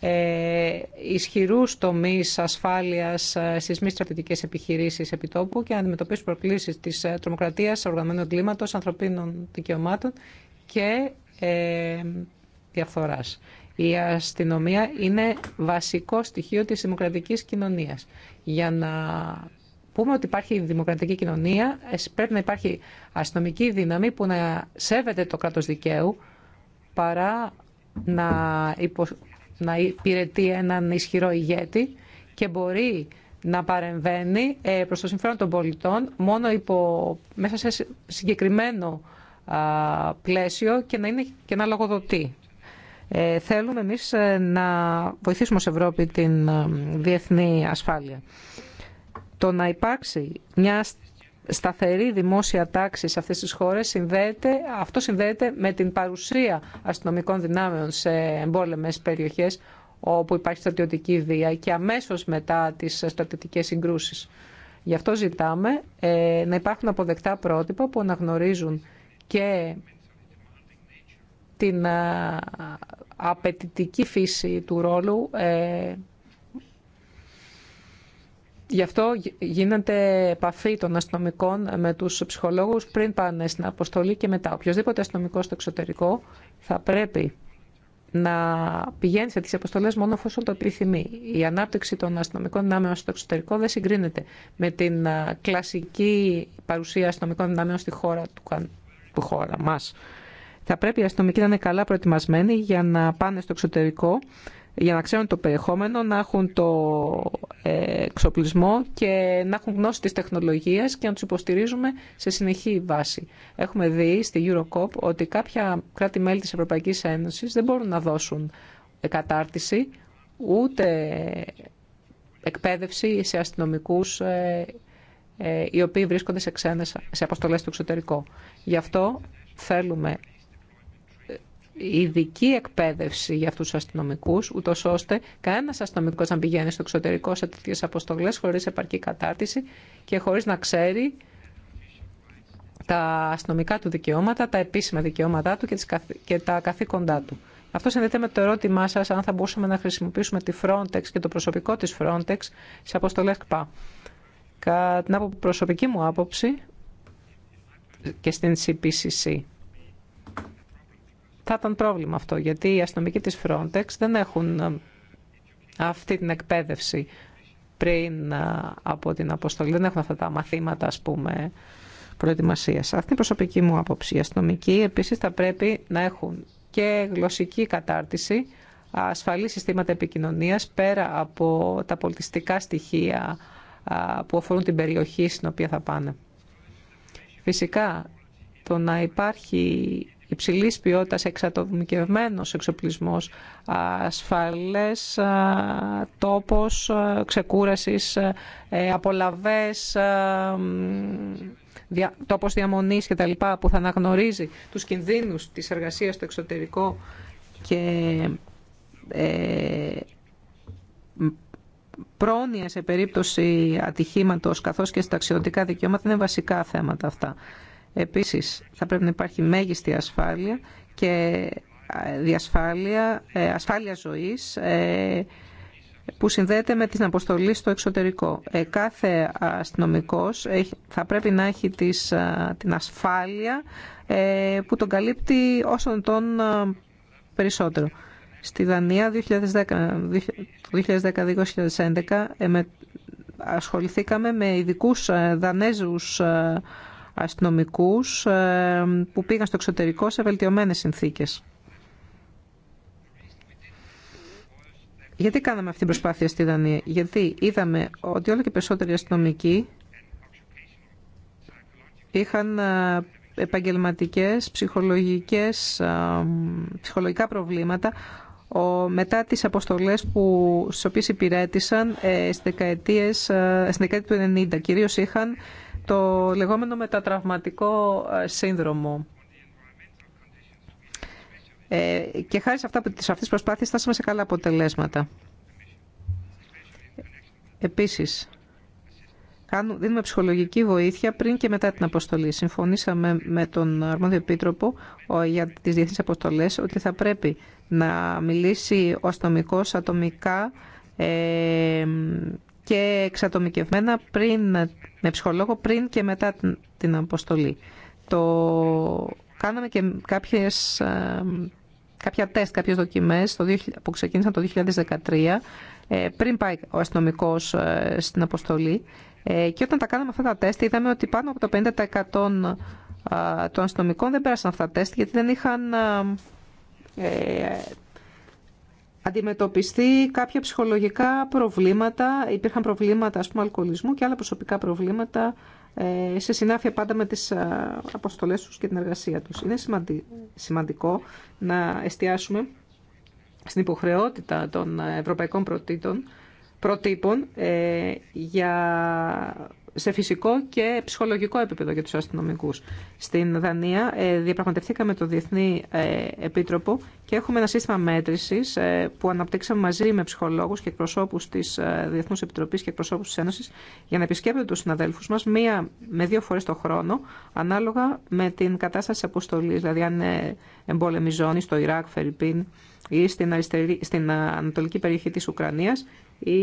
ε, ισχυρούς τομείς ασφάλειας ε, στις μη στρατιωτικές επιχειρήσεις επιτόπου και να αντιμετωπίσει προκλήσεις της ε, τρομοκρατίας, οργανωμένου κλίματος, ανθρωπίνων δικαιωμάτων και ε, διαφθοράς. Η αστυνομία είναι βασικό στοιχείο της δημοκρατικής κοινωνίας. Για να πούμε ότι υπάρχει δημοκρατική κοινωνία, πρέπει να υπάρχει αστυνομική δύναμη που να σέβεται το κράτος δικαίου παρά να υπο να υπηρετεί έναν ισχυρό ηγέτη και μπορεί να παρεμβαίνει ε, προς το συμφέρον των πολιτών μόνο υπό, μέσα σε συγκεκριμένο πλαίσιο και να, είναι, και να λογοδοτεί. Ε, θέλουμε εμείς ε, να βοηθήσουμε ως Ευρώπη την διεθνή ασφάλεια. Το να υπάρξει μια σταθερή δημόσια τάξη σε αυτές τις χώρες συνδέεται, αυτό συνδέεται με την παρουσία αστυνομικών δυνάμεων σε εμπόλεμες περιοχές όπου υπάρχει στρατιωτική βία και αμέσως μετά τις στρατιωτικές συγκρούσεις. Γι' αυτό ζητάμε ε, να υπάρχουν αποδεκτά πρότυπα που αναγνωρίζουν και την ε, απαιτητική φύση του ρόλου ε, Γι' αυτό γίνεται επαφή των αστυνομικών με τους ψυχολόγους πριν πάνε στην αποστολή και μετά. Οποιοδήποτε αστυνομικό στο εξωτερικό θα πρέπει να πηγαίνει σε τις αποστολές μόνο εφόσον το επιθυμεί. Η ανάπτυξη των αστυνομικών δυνάμεων στο εξωτερικό δεν συγκρίνεται με την κλασική παρουσία αστυνομικών δυνάμεων στη χώρα του, του χώρα μας. Θα πρέπει οι αστυνομικοί να είναι καλά προετοιμασμένοι για να πάνε στο εξωτερικό για να ξέρουν το περιεχόμενο, να έχουν το ε, εξοπλισμό και να έχουν γνώση της τεχνολογίας και να τους υποστηρίζουμε σε συνεχή βάση. Έχουμε δει στη Eurocop ότι κάποια κράτη-μέλη της Ευρωπαϊκής Ένωσης δεν μπορούν να δώσουν κατάρτιση ούτε εκπαίδευση σε αστυνομικούς ε, ε, οι οποίοι βρίσκονται σε, ξένες, σε αποστολές του εξωτερικό. Γι' αυτό θέλουμε ειδική εκπαίδευση για αυτούς τους αστυνομικούς, ούτως ώστε κανένας αστυνομικός να πηγαίνει στο εξωτερικό σε τέτοιες αποστολές χωρίς επαρκή κατάρτιση και χωρίς να ξέρει τα αστυνομικά του δικαιώματα, τα επίσημα δικαιώματά του και τα καθήκοντά του. Αυτό συνδέεται με το ερώτημά σα, αν θα μπορούσαμε να χρησιμοποιήσουμε τη Frontex και το προσωπικό τη Frontex σε αποστολέ. ΚΠΑ. Κατά την προσωπική μου άποψη και στην CPCC. Θα ήταν πρόβλημα αυτό, γιατί οι αστυνομικοί της Frontex δεν έχουν ε, αυτή την εκπαίδευση πριν ε, από την αποστολή. Δεν έχουν αυτά τα μαθήματα, ας πούμε, προετοιμασίας. Αυτή είναι η προσωπική μου άποψη. Οι αστυνομικοί επίσης θα πρέπει να έχουν και γλωσσική κατάρτιση, ασφαλή συστήματα επικοινωνίας, πέρα από τα πολιτιστικά στοιχεία που αφορούν την περιοχή στην οποία θα πάνε. Φυσικά, το να υπάρχει υψηλής ποιότητας εξατομικευμένος εξοπλισμός, ασφαλές τόπος ξεκούρασης, ε, απολαβές, τόπος διαμονής κτλ. που θα αναγνωρίζει τους κινδύνους της εργασίας στο εξωτερικό και ε, πρόνοια σε περίπτωση ατυχήματος καθώς και στα αξιωτικά δικαιώματα είναι βασικά θέματα αυτά. Επίσης, θα πρέπει να υπάρχει μέγιστη ασφάλεια και ε, διασφάλεια, ε, ασφάλεια ζωής ε, που συνδέεται με την αποστολή στο εξωτερικό. Κάθε αστυνομικός θα πρέπει να έχει την ασφάλεια που τον καλύπτει όσον τον περισσότερο. Στη Δανία 2010-2011 ασχοληθήκαμε με ειδικούς Δανέζους αστυνομικούς ε, που πήγαν στο εξωτερικό σε βελτιωμένες συνθήκες. Γιατί κάναμε αυτή την προσπάθεια στη Δανία. Γιατί είδαμε ότι όλο και περισσότεροι αστυνομικοί είχαν ε, επαγγελματικές, ψυχολογικές, ε, ψυχολογικά προβλήματα μετά τις αποστολές που, στις οποίες υπηρέτησαν στις δεκαετίες, στην δεκαετία του 90. Κυρίως είχαν το λεγόμενο μετατραυματικό ε, σύνδρομο. Ε, και χάρη σε, αυτά, σε αυτές τις προσπάθειες φτάσαμε σε καλά αποτελέσματα. Επίσης, δίνουμε ψυχολογική βοήθεια πριν και μετά την αποστολή. Συμφωνήσαμε με τον Αρμόδιο Επίτροπο για τις διεθνείς αποστολές ότι θα πρέπει να μιλήσει ο αστυνομικό ατομικά ε, και εξατομικευμένα πριν, με ψυχολόγο πριν και μετά την αποστολή. Το κάναμε και κάποιες, ε, κάποια τεστ, κάποιες δοκιμές το που ξεκίνησαν το 2013 ε, πριν πάει ο αστυνομικό ε, στην αποστολή. Και όταν τα κάναμε αυτά τα τεστ είδαμε ότι πάνω από το 50% των αστυνομικών δεν πέρασαν αυτά τα τεστ γιατί δεν είχαν αντιμετωπιστεί κάποια ψυχολογικά προβλήματα, υπήρχαν προβλήματα ας πούμε αλκοολισμού και άλλα προσωπικά προβλήματα ε, σε συνάφεια πάντα με τις αποστολές τους και την εργασία τους. Είναι σημαντικό να εστιάσουμε στην υποχρεότητα των ευρωπαϊκών προτύπων ε, για σε φυσικό και ψυχολογικό επίπεδο για τους αστυνομικούς. Στην Δανία ε, διαπραγματευτήκαμε το Διεθνή ε, Επίτροπο και έχουμε ένα σύστημα μέτρησης ε, που αναπτύξαμε μαζί με ψυχολόγους και εκπροσώπους της Διεθνούς Επιτροπής και εκπροσώπους της Ένωσης για να επισκέπτονται τους συναδέλφους μας μία με δύο φορές το χρόνο ανάλογα με την κατάσταση αποστολής, δηλαδή αν είναι εμπόλεμη ζώνη στο Ιράκ, Φερρυπίν, ή στην, στην ανατολική περιοχή της Ουκρανίας ή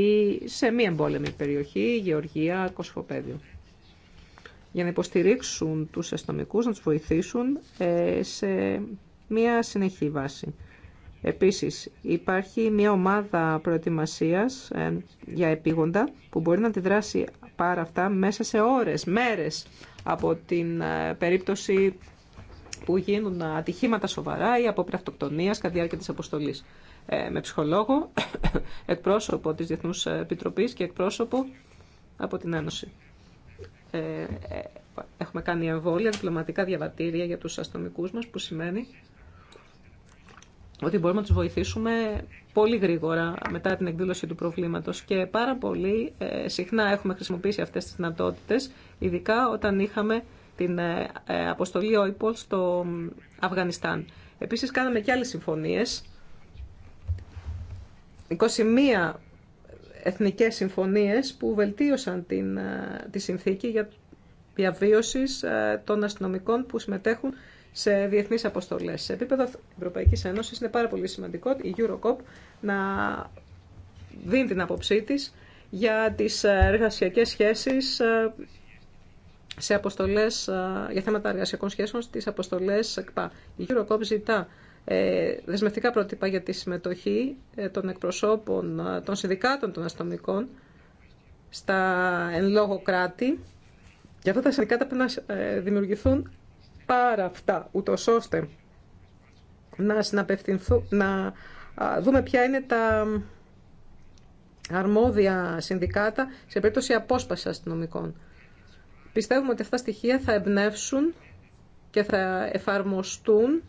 σε μια εμπόλεμη περιοχή, Γεωργία, Κοσφοπέδιο. Για να υποστηρίξουν τους αστυνομικούς, να τους βοηθήσουν ε, σε μία συνεχή βάση. Επίσης, υπάρχει μία ομάδα προετοιμασίας ε, για επίγοντα που μπορεί να αντιδράσει πάρα αυτά μέσα σε ώρες, μέρες από την ε, περίπτωση που γίνουν ατυχήματα σοβαρά ή απόπειρα αυτοκτονίας κατά τη διάρκεια τη αποστολή. Ε, με ψυχολόγο, <coughs> εκπρόσωπο τη Διεθνού Επιτροπή και εκπρόσωπο από την Ένωση. Ε, ε, έχουμε κάνει εμβόλια, διπλωματικά διαβατήρια για τους αστυνομικούς μας, που σημαίνει ότι μπορούμε να τους βοηθήσουμε πολύ γρήγορα μετά την εκδήλωση του προβλήματος και πάρα πολύ συχνά έχουμε χρησιμοποιήσει αυτές τις δυνατότητε, ειδικά όταν είχαμε την ε, ε, αποστολή ΟΙΠΟΛ στο Αφγανιστάν. Επίσης κάναμε και άλλες συμφωνίες. 21 εθνικές συμφωνίες που βελτίωσαν την, ε, τη συνθήκη για ε, των αστυνομικών που συμμετέχουν σε διεθνείς αποστολές. Σε επίπεδο Ευρωπαϊκής Ένωσης είναι πάρα πολύ σημαντικό η Eurocop να δίνει την άποψή της για τις εργασιακές σχέσεις σε αποστολές για θέματα εργασιακών σχέσεων στις αποστολές ΕΚΠΑ. Η Eurocop ζητά ε, δεσμευτικά πρότυπα για τη συμμετοχή ε, των εκπροσώπων των συνδικάτων των αστυνομικών στα εν λόγω κράτη. για αυτά τα συνδικάτα πρέπει να ε, δημιουργηθούν πάρα αυτά, ούτω ώστε να συναπευθυνθούν, να δούμε ποια είναι τα αρμόδια συνδικάτα σε περίπτωση απόσπασης αστυνομικών. Πιστεύουμε ότι αυτά τα στοιχεία θα εμπνεύσουν και θα εφαρμοστούν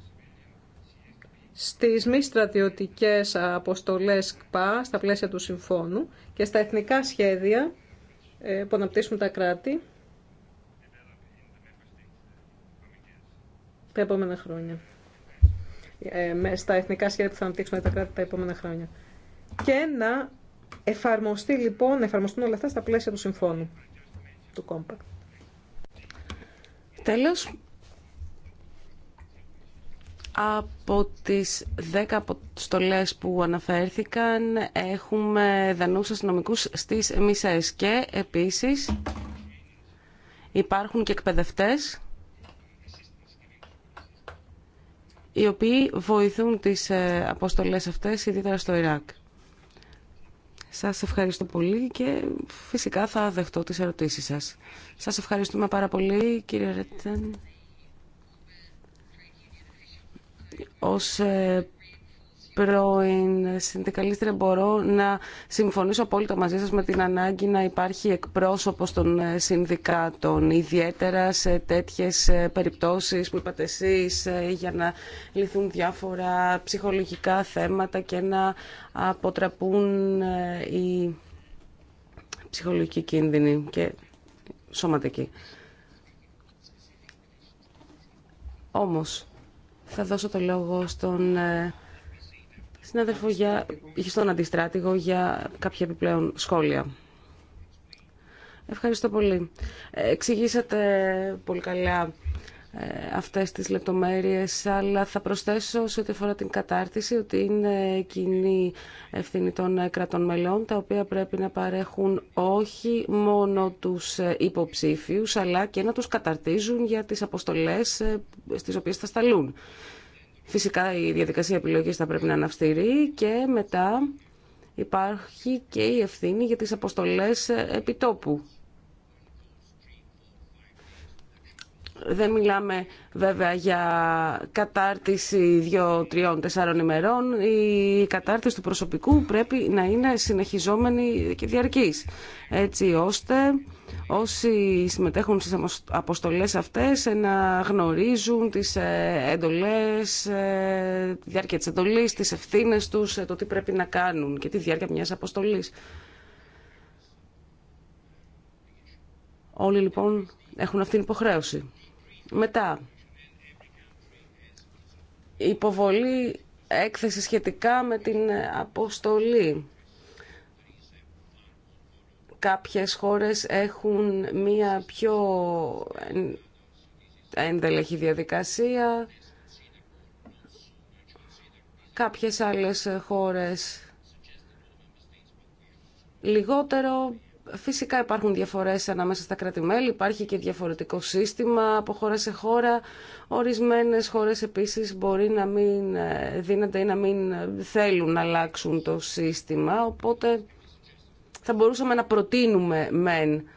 στις μη στρατιωτικές αποστολές ΚΠΑ στα πλαίσια του Συμφώνου και στα εθνικά σχέδια ε, που αναπτύσσουν τα κράτη τα επόμενα χρόνια. Ε, στα εθνικά σχέδια που θα αναπτύξουν τα κράτη τα επόμενα χρόνια. Και να εφαρμοστεί λοιπόν, να εφαρμοστούν όλα αυτά στα πλαίσια του Συμφώνου, του Compact. Τέλος, από τις 10 αποστολές που αναφέρθηκαν έχουμε δανούς αστυνομικού στις μισές και επίσης υπάρχουν και εκπαιδευτές οι οποίοι βοηθούν τις ε, αποστολές αυτές ιδιαίτερα στο Ιράκ. Σας ευχαριστώ πολύ και φυσικά θα δεχτώ τις ερωτήσεις σας. Σας ευχαριστούμε πάρα πολύ κύριε Ρέτεν. Ως ε, πρώην συνδικαλίστρια μπορώ να συμφωνήσω απόλυτα μαζί σας με την ανάγκη να υπάρχει εκπρόσωπος των ε, συνδικάτων ιδιαίτερα σε τέτοιες ε, περιπτώσεις που είπατε εσείς ε, για να λυθούν διάφορα ψυχολογικά θέματα και να αποτραπούν οι ψυχολογικοί κίνδυνοι και σωματικοί. Όμως, θα δώσω το λόγο στον συνάδελφο για, στον αντιστράτηγο για κάποια επιπλέον σχόλια. Ευχαριστώ πολύ. Ε, εξηγήσατε πολύ καλά ε, αυτές τις λεπτομέρειες, αλλά θα προσθέσω σε ό,τι αφορά την κατάρτιση ότι είναι κοινή ευθύνη των ε, κρατών μελών, τα οποία πρέπει να παρέχουν όχι μόνο τους υποψήφιους, αλλά και να τους καταρτίζουν για τις αποστολές στις οποίες θα σταλούν. Φυσικά η διαδικασία επιλογής θα πρέπει να είναι και μετά υπάρχει και η ευθύνη για τις αποστολές επιτόπου. Δεν μιλάμε βέβαια για κατάρτιση δύο, τριών, τεσσάρων ημερών. Η κατάρτιση του προσωπικού πρέπει να είναι συνεχιζόμενη και διαρκής, έτσι ώστε όσοι συμμετέχουν στις αποστολές αυτές ε, να γνωρίζουν τις ε, εντολές, ε, τη διάρκεια της εντολής, τις ευθύνες τους, το τι πρέπει να κάνουν και τη διάρκεια μιας αποστολής. Όλοι λοιπόν έχουν αυτήν την υποχρέωση. Μετά, υποβολή έκθεση σχετικά με την αποστολή. Κάποιες χώρες έχουν μία πιο ενδελεχή διαδικασία, κάποιες άλλες χώρες λιγότερο. Φυσικά υπάρχουν διαφορές ανάμεσα στα κράτη-μέλη, υπάρχει και διαφορετικό σύστημα από χώρα σε χώρα. Ορισμένες χώρες επίσης μπορεί να μην ε, δίνονται ή να μην θέλουν να αλλάξουν το σύστημα, οπότε θα μπορούσαμε να προτείνουμε μεν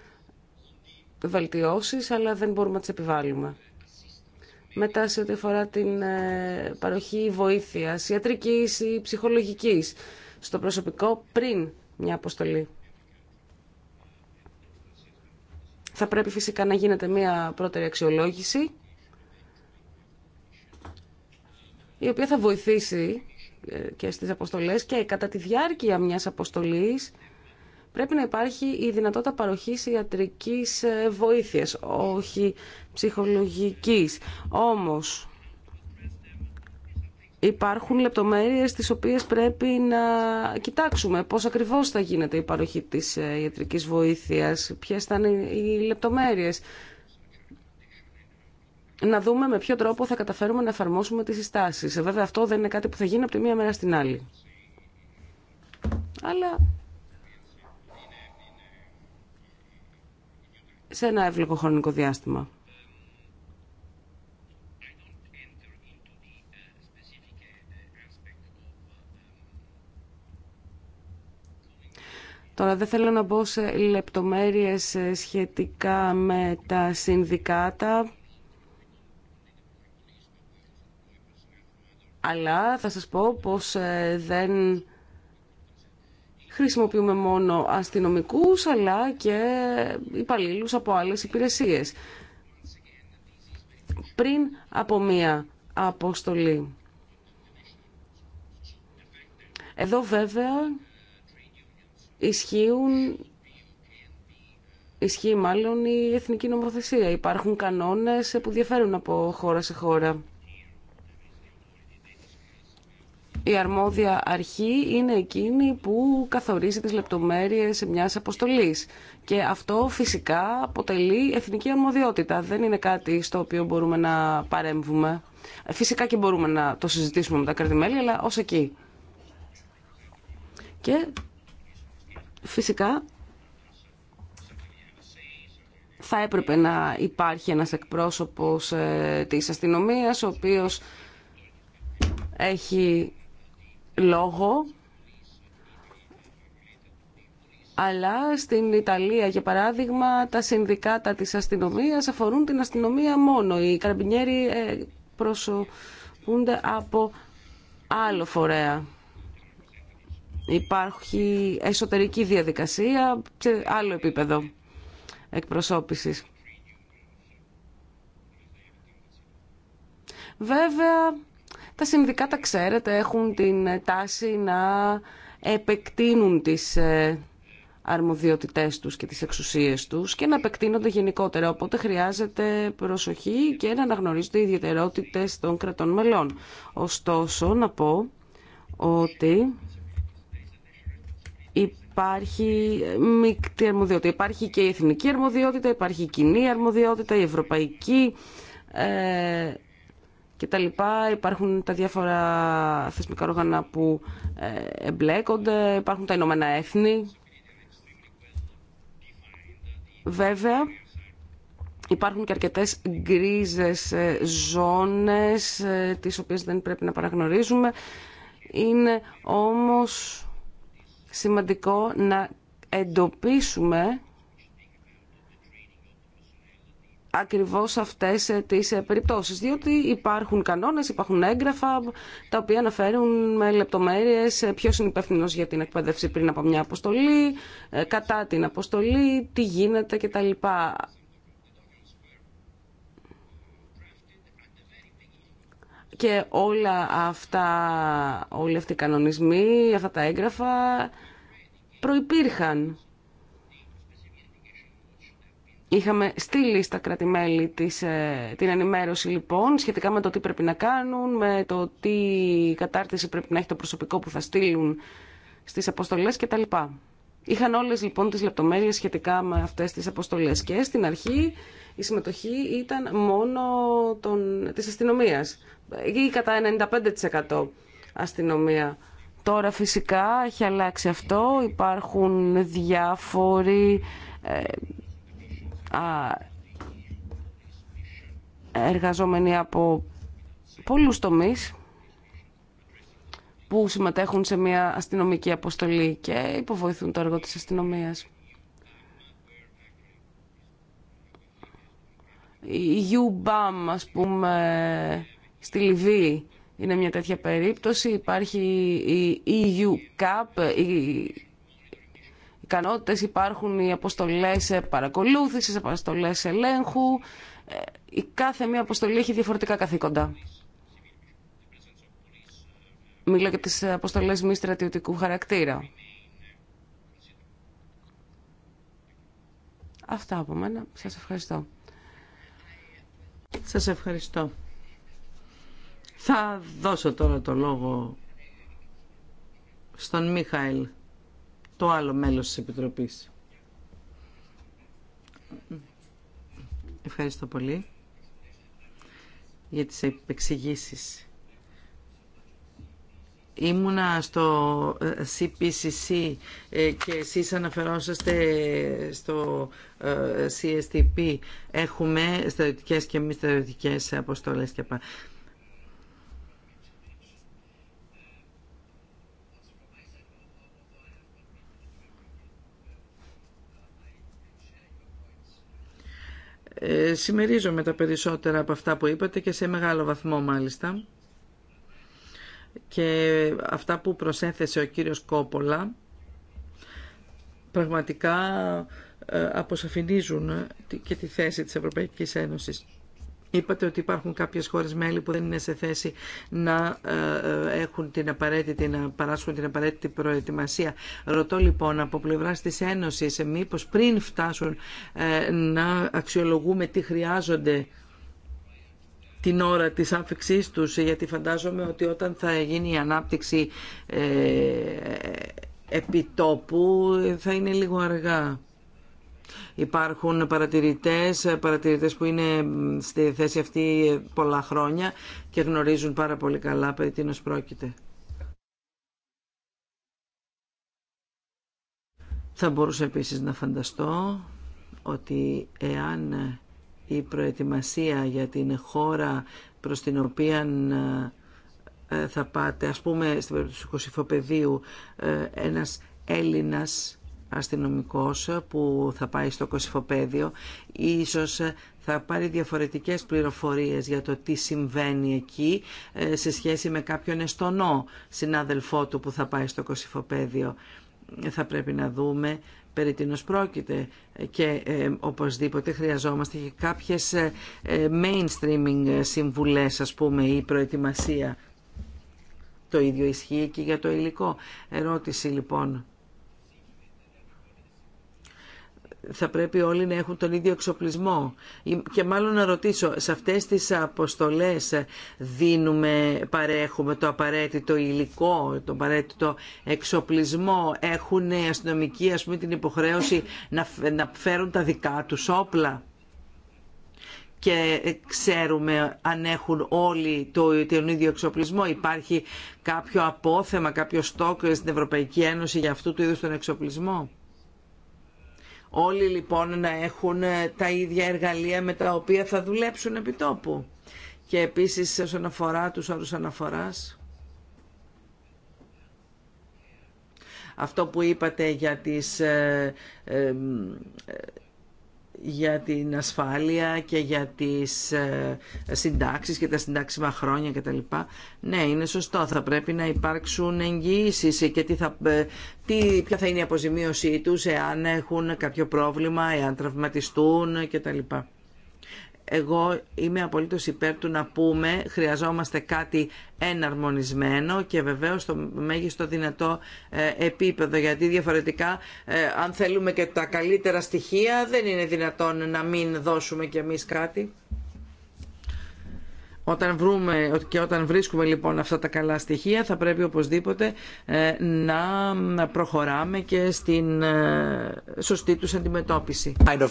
βελτιώσεις, αλλά δεν μπορούμε να τις επιβάλλουμε. Μετά σε ό,τι αφορά την ε, παροχή βοήθειας, ιατρικής ή ψυχολογικής, στο προσωπικό πριν μια αποστολή. Θα πρέπει φυσικά να γίνεται μια πρώτερη αξιολόγηση, η οποία θα βοηθήσει ε, και στις αποστολές και κατά τη διάρκεια μιας αποστολής πρέπει να υπάρχει η δυνατότητα παροχής ιατρικής ε, βοήθειας, όχι ψυχολογικής. Όμως, υπάρχουν λεπτομέρειες τις οποίες πρέπει να κοιτάξουμε πώς ακριβώς θα γίνεται η παροχή της ε, ιατρικής βοήθειας, ποιες θα είναι οι λεπτομέρειες. Να δούμε με ποιο τρόπο θα καταφέρουμε να εφαρμόσουμε τις συστάσεις. Ε, βέβαια αυτό δεν είναι κάτι που θα γίνει από τη μία μέρα στην άλλη. Αλλά σε ένα εύλογο χρονικό διάστημα. Τώρα δεν θέλω να μπω σε λεπτομέρειες ε, σχετικά με τα συνδικάτα, αλλά θα σας πω πως ε, δεν χρησιμοποιούμε μόνο αστυνομικούς αλλά και υπαλλήλου από άλλες υπηρεσίες. Πριν από μία αποστολή. Εδώ βέβαια ισχύουν Ισχύει μάλλον η εθνική νομοθεσία. Υπάρχουν κανόνες που διαφέρουν από χώρα σε χώρα. Η αρμόδια αρχή είναι εκείνη που καθορίζει τις λεπτομέρειες μιας αποστολής. Και αυτό φυσικά αποτελεί εθνική αρμοδιότητα. Δεν είναι κάτι στο οποίο μπορούμε να παρέμβουμε. Φυσικά και μπορούμε να το συζητήσουμε με τα κρατημέλη, αλλά ως εκεί. Και φυσικά θα έπρεπε να υπάρχει ένας εκπρόσωπος ε, της αστυνομίας, ο οποίος έχει λόγο αλλά στην Ιταλία, για παράδειγμα, τα συνδικάτα της αστυνομίας αφορούν την αστυνομία μόνο. Οι καραμπινιέροι ε, προσωπούνται από άλλο φορέα. Υπάρχει εσωτερική διαδικασία σε άλλο επίπεδο εκπροσώπησης. Βέβαια, τα συνδικάτα, ξέρετε, έχουν την τάση να επεκτείνουν τις ε, αρμοδιότητές τους και τις εξουσίες τους και να επεκτείνονται γενικότερα. Οπότε χρειάζεται προσοχή και να αναγνωρίζονται οι ιδιαιτερότητες των κρατών μελών. Ωστόσο, να πω ότι υπάρχει μεικτή αρμοδιότητα. Υπάρχει και η εθνική αρμοδιότητα, υπάρχει η κοινή αρμοδιότητα, η ευρωπαϊκή ε, τα λοιπά, Υπάρχουν τα διάφορα θεσμικά όργανα που ε, εμπλέκονται, υπάρχουν τα Ηνωμένα Έθνη. Βέβαια, υπάρχουν και αρκετές γκρίζες ε, ζώνες, ε, τις οποίες δεν πρέπει να παραγνωρίζουμε. Είναι όμως σημαντικό να εντοπίσουμε ακριβώς αυτές ε, τις ε, περιπτώσεις, διότι υπάρχουν κανόνες, υπάρχουν έγγραφα τα οποία αναφέρουν με λεπτομέρειες ε, ποιο είναι υπεύθυνο για την εκπαίδευση πριν από μια αποστολή, κατά την αποστολή, τι γίνεται κτλ. Και όλα αυτά, όλοι αυτοί οι κανονισμοί, αυτά τα έγγραφα προϋπήρχαν Είχαμε στείλει στα κρατημέλη της, ε, την ενημέρωση λοιπόν σχετικά με το τι πρέπει να κάνουν, με το τι κατάρτιση πρέπει να έχει το προσωπικό που θα στείλουν στις αποστολές κτλ. Είχαν όλες λοιπόν τις λεπτομέρειες σχετικά με αυτές τις αποστολές και στην αρχή η συμμετοχή ήταν μόνο των, της αστυνομίας ή κατά 95% αστυνομία. Τώρα φυσικά έχει αλλάξει αυτό, υπάρχουν διάφοροι ε, εργαζόμενοι από πολλούς τομείς που συμμετέχουν σε μια αστυνομική αποστολή και υποβοηθούν το έργο της αστυνομίας. Η UBAM, ας πούμε, στη Λιβύη είναι μια τέτοια περίπτωση. Υπάρχει η EU CAP, η ικανότητες, υπάρχουν οι αποστολές παρακολούθησης, αποστολές ελέγχου. Ε, η κάθε μία αποστολή έχει διαφορετικά καθήκοντα. Μιλώ για τις αποστολές μη στρατιωτικού χαρακτήρα. Αυτά από μένα. Σας ευχαριστώ. Σας ευχαριστώ. Θα δώσω τώρα το λόγο στον Μίχαηλ το άλλο μέλος της Επιτροπής. Ευχαριστώ πολύ για τις επεξηγήσεις. Ήμουνα στο CPCC ε, ε, και εσείς αναφερόσαστε στο ε, CSTP. Έχουμε στρατιωτικές και μη στρατιωτικές αποστολές και πάνω. Ε, συμμερίζομαι τα περισσότερα από αυτά που είπατε και σε μεγάλο βαθμό μάλιστα. Και αυτά που προσέθεσε ο κύριος Κόπολα πραγματικά ε, αποσαφηνίζουν και τη θέση της Ευρωπαϊκής Ένωσης. Είπατε ότι υπάρχουν κάποιες χώρες μέλη που δεν είναι σε θέση να ε, ε, έχουν την να παράσχουν την απαραίτητη προετοιμασία. Ρωτώ λοιπόν από πλευρά της Ένωσης, μήπω πριν φτάσουν ε, να αξιολογούμε τι χρειάζονται την ώρα της άφηξής τους, γιατί φαντάζομαι ότι όταν θα γίνει η ανάπτυξη επιτόπου θα είναι λίγο αργά. Υπάρχουν παρατηρητές, παρατηρητές που είναι στη θέση αυτή πολλά χρόνια και γνωρίζουν πάρα πολύ καλά περί τίνος πρόκειται. Θα μπορούσα επίσης να φανταστώ ότι εάν η προετοιμασία για την χώρα προς την οποία ε, θα πάτε, ας πούμε στην περίπτωση του Κωσυφοπεδίου, ε, ένας Έλληνας αστυνομικός που θα πάει στο Κωσυφοπαίδιο ίσως θα πάρει διαφορετικές πληροφορίες για το τι συμβαίνει εκεί ε, σε σχέση με κάποιον εστονό συνάδελφό του που θα πάει στο Κωσυφοπαίδιο. Θα πρέπει να δούμε περί τίνος πρόκειται και ε, οπωσδήποτε χρειαζόμαστε και κάποιες ε, ε, mainstreaming συμβουλές ας πούμε ή προετοιμασία. Το ίδιο ισχύει και για το υλικό. Ερώτηση λοιπόν θα πρέπει όλοι να έχουν τον ίδιο εξοπλισμό. Και μάλλον να ρωτήσω, σε αυτές τις αποστολές δίνουμε, παρέχουμε το απαραίτητο υλικό, το απαραίτητο εξοπλισμό, έχουν οι αστυνομικοί πούμε, την υποχρέωση να, φέρουν τα δικά τους όπλα και ε, ξέρουμε αν έχουν όλοι το, τον ίδιο εξοπλισμό. Υπάρχει κάποιο απόθεμα, κάποιο στόκ στην Ευρωπαϊκή Ένωση για αυτού του είδους τον εξοπλισμό όλοι λοιπόν να έχουν ε, τα ίδια εργαλεία με τα οποία θα δουλέψουν επί τόπου. Και επίσης όσον αφορά τους όρους αναφοράς, αυτό που είπατε για τις ε, ε, για την ασφάλεια και για τις ε, συντάξεις και τα συντάξιμα χρόνια κτλ. Ναι, είναι σωστό. Θα πρέπει να υπάρξουν εγγυήσει και τι θα, ε, τι, ποια θα είναι η αποζημίωσή τους εάν έχουν κάποιο πρόβλημα, εάν τραυματιστούν κτλ εγώ είμαι απολύτως υπέρ του να πούμε χρειαζόμαστε κάτι εναρμονισμένο και βεβαίως στο μέγιστο δυνατό ε, επίπεδο γιατί διαφορετικά ε, αν θέλουμε και τα καλύτερα στοιχεία δεν είναι δυνατόν να μην δώσουμε κι εμείς κάτι. Όταν βρούμε και όταν βρίσκουμε λοιπόν αυτά τα καλά στοιχεία θα πρέπει οπωσδήποτε ε, να προχωράμε και στην σωστή τους αντιμετώπιση. Kind of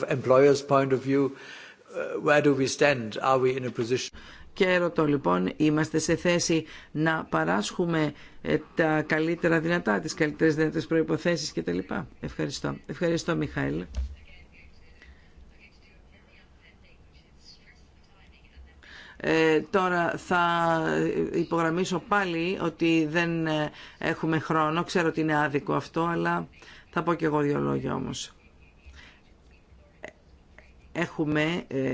Uh, where do we stand? Are Και ρωτώ λοιπόν, είμαστε σε θέση να παράσχουμε ε, τα καλύτερα δυνατά, τις καλύτερες δυνατές προϋποθέσεις κτλ. Ευχαριστώ. Ευχαριστώ Μιχαήλ. Ε, τώρα θα υπογραμμίσω πάλι ότι δεν ε, έχουμε χρόνο. Ξέρω ότι είναι άδικο αυτό, αλλά θα πω και εγώ δύο λόγια όμως έχουμε ε,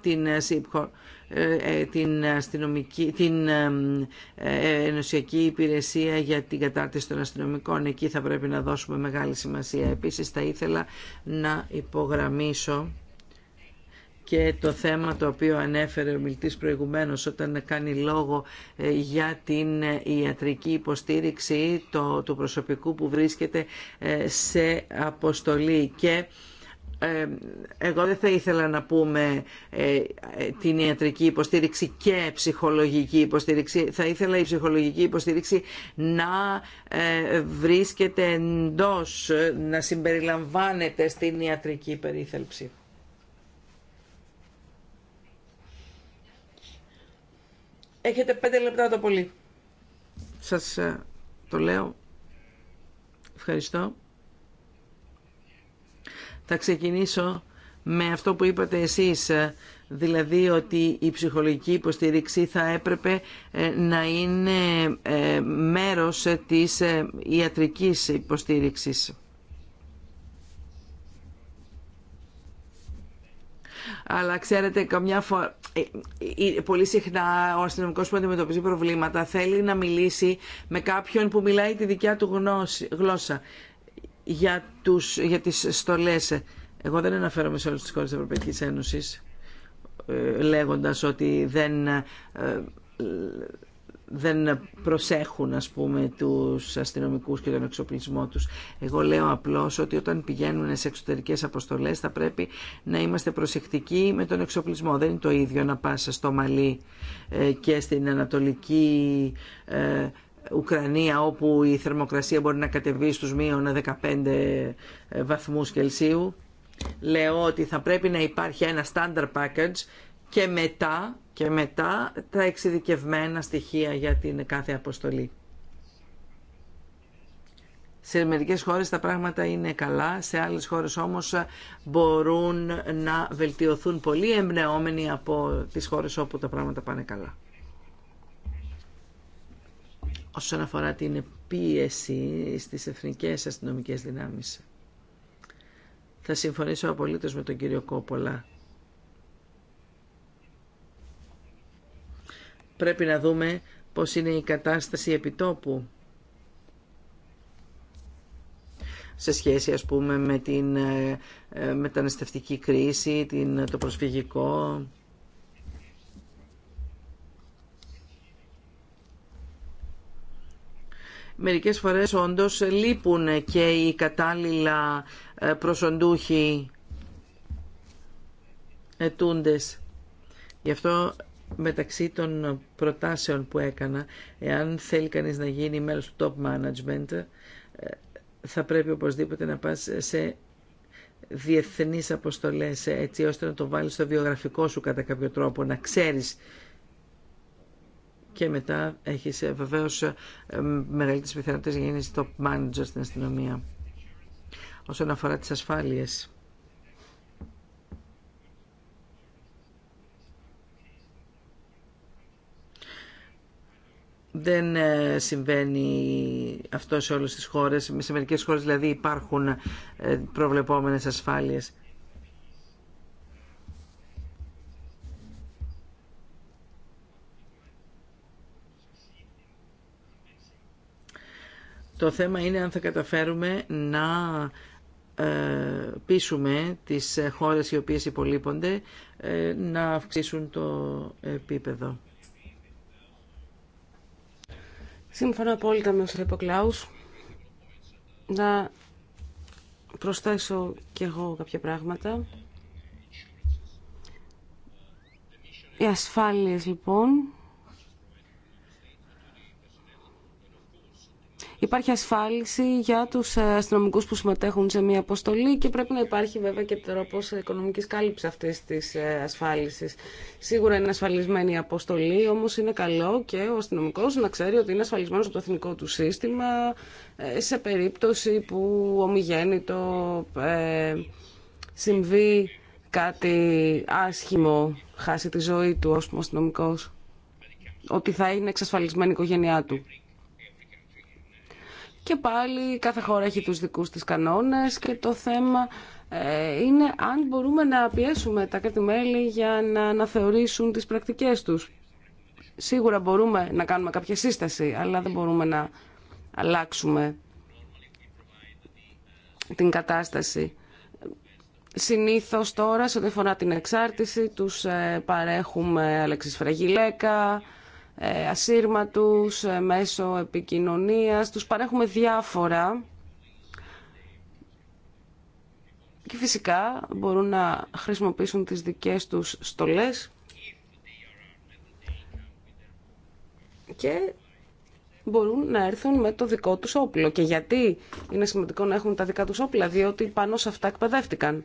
την ε, ΣΥΠΧΟ, ε, την, αστυνομική, την Ενωσιακή Υπηρεσία για την Κατάρτιση των Αστυνομικών. Εκεί θα πρέπει να δώσουμε μεγάλη σημασία. Επίσης θα ήθελα να υπογραμμίσω και το θέμα το οποίο ανέφερε ο μιλτής προηγουμένως όταν κάνει λόγο για την ιατρική υποστήριξη του προσωπικού που βρίσκεται σε αποστολή και ε, εγώ δεν θα ήθελα να πούμε ε, την ιατρική υποστήριξη και ψυχολογική υποστήριξη. Θα ήθελα η ψυχολογική υποστήριξη να ε, βρίσκεται εντός, να συμπεριλαμβάνεται στην ιατρική περίθαλψη. Έχετε πέντε λεπτά το πολύ. Σας το λέω. Ευχαριστώ. Θα ξεκινήσω με αυτό που είπατε εσείς, δηλαδή ότι η ψυχολογική υποστήριξη θα έπρεπε ε, να είναι ε, μέρος της ε, ιατρικής υποστήριξης. αλλά ξέρετε, καμιά φορά. Πολύ συχνά ο αστυνομικό που αντιμετωπίζει προβλήματα θέλει να μιλήσει με κάποιον που μιλάει τη δικιά του γλώσσα για, τους, για τις στολές. Εγώ δεν αναφέρομαι σε όλες τις χώρες της Ευρωπαϊκής Ένωσης ε, λέγοντας ότι δεν, ε, δεν προσέχουν ας πούμε τους αστυνομικούς και τον εξοπλισμό τους. Εγώ λέω απλώς ότι όταν πηγαίνουν σε εξωτερικές αποστολές θα πρέπει να είμαστε προσεκτικοί με τον εξοπλισμό. Δεν είναι το ίδιο να πας στο Μαλί ε, και στην Ανατολική Ουκρανία όπου η θερμοκρασία μπορεί να κατεβεί στους μείων 15 ε, βαθμούς Κελσίου. Λέω ότι θα πρέπει να υπάρχει ένα standard package και μετά, και μετά τα εξειδικευμένα στοιχεία για την κάθε αποστολή. Σε μερικέ χώρες τα πράγματα είναι καλά, σε άλλες χώρες όμως μπορούν να βελτιωθούν πολύ εμπνεόμενοι από τις χώρες όπου τα πράγματα πάνε καλά όσον αφορά την πίεση στις εθνικές αστυνομικές δυνάμεις. Θα συμφωνήσω απολύτως με τον κύριο Κόπολα. Πρέπει να δούμε πώς είναι η κατάσταση επιτόπου σε σχέση ας πούμε με την ε, ε, μεταναστευτική κρίση, το προσφυγικό. Μερικές φορές όντως λείπουν και οι κατάλληλα ε, προσοντούχοι ετούντες. Γι' αυτό μεταξύ των προτάσεων που έκανα, εάν θέλει κανείς να γίνει μέλος του top management, ε, θα πρέπει οπωσδήποτε να πας σε διεθνείς αποστολές, ε, έτσι ώστε να το βάλεις στο βιογραφικό σου κατά κάποιο τρόπο, να ξέρεις και μετά έχει ε, βεβαίω ε, μεγαλύτερε πιθανότητε για γίνεις top manager στην αστυνομία. Όσον αφορά τι ασφάλειες. δεν ε, συμβαίνει αυτό σε όλες τις χώρες. Σε μερικές χώρες δηλαδή υπάρχουν προβλεπόμενες ασφάλειες. Το θέμα είναι αν θα καταφέρουμε να ε, πείσουμε τις χώρες οι οποίες υπολείπονται ε, να αυξήσουν το επίπεδο. Σύμφωνα απόλυτα με τον Κλάους. να προσθέσω κι εγώ κάποια πράγματα. Οι ασφάλειες λοιπόν υπάρχει ασφάλιση για τους ε, αστυνομικού που συμμετέχουν σε μια αποστολή και πρέπει να υπάρχει βέβαια και τρόπο οικονομική κάλυψης αυτή τη ε, ασφάλιση. Σίγουρα είναι ασφαλισμένη η αποστολή, όμως είναι καλό και ο αστυνομικό να ξέρει ότι είναι ασφαλισμένο από το εθνικό του σύστημα ε, σε περίπτωση που ομιγέννητο συμβεί κάτι άσχημο, χάσει τη ζωή του ως αστυνομικό, ότι θα είναι εξασφαλισμένη η οικογένειά του. Και πάλι κάθε χώρα έχει τους δικούς της κανόνες και το θέμα ε, είναι αν μπορούμε να πιέσουμε τα κράτη-μέλη για να αναθεωρήσουν τις πρακτικές τους. Σίγουρα μπορούμε να κάνουμε κάποια σύσταση, αλλά δεν μπορούμε να αλλάξουμε την κατάσταση. Συνήθως τώρα, σε ό,τι αφορά την εξάρτηση, τους ε, παρέχουμε Φραγιλέκα, ε, ασύρματους, ε, μέσω επικοινωνίας, τους παρέχουμε διάφορα και φυσικά μπορούν να χρησιμοποιήσουν τις δικές τους στολές και μπορούν να έρθουν με το δικό τους όπλο. Και γιατί είναι σημαντικό να έχουν τα δικά τους όπλα, διότι πάνω σε αυτά εκπαιδεύτηκαν.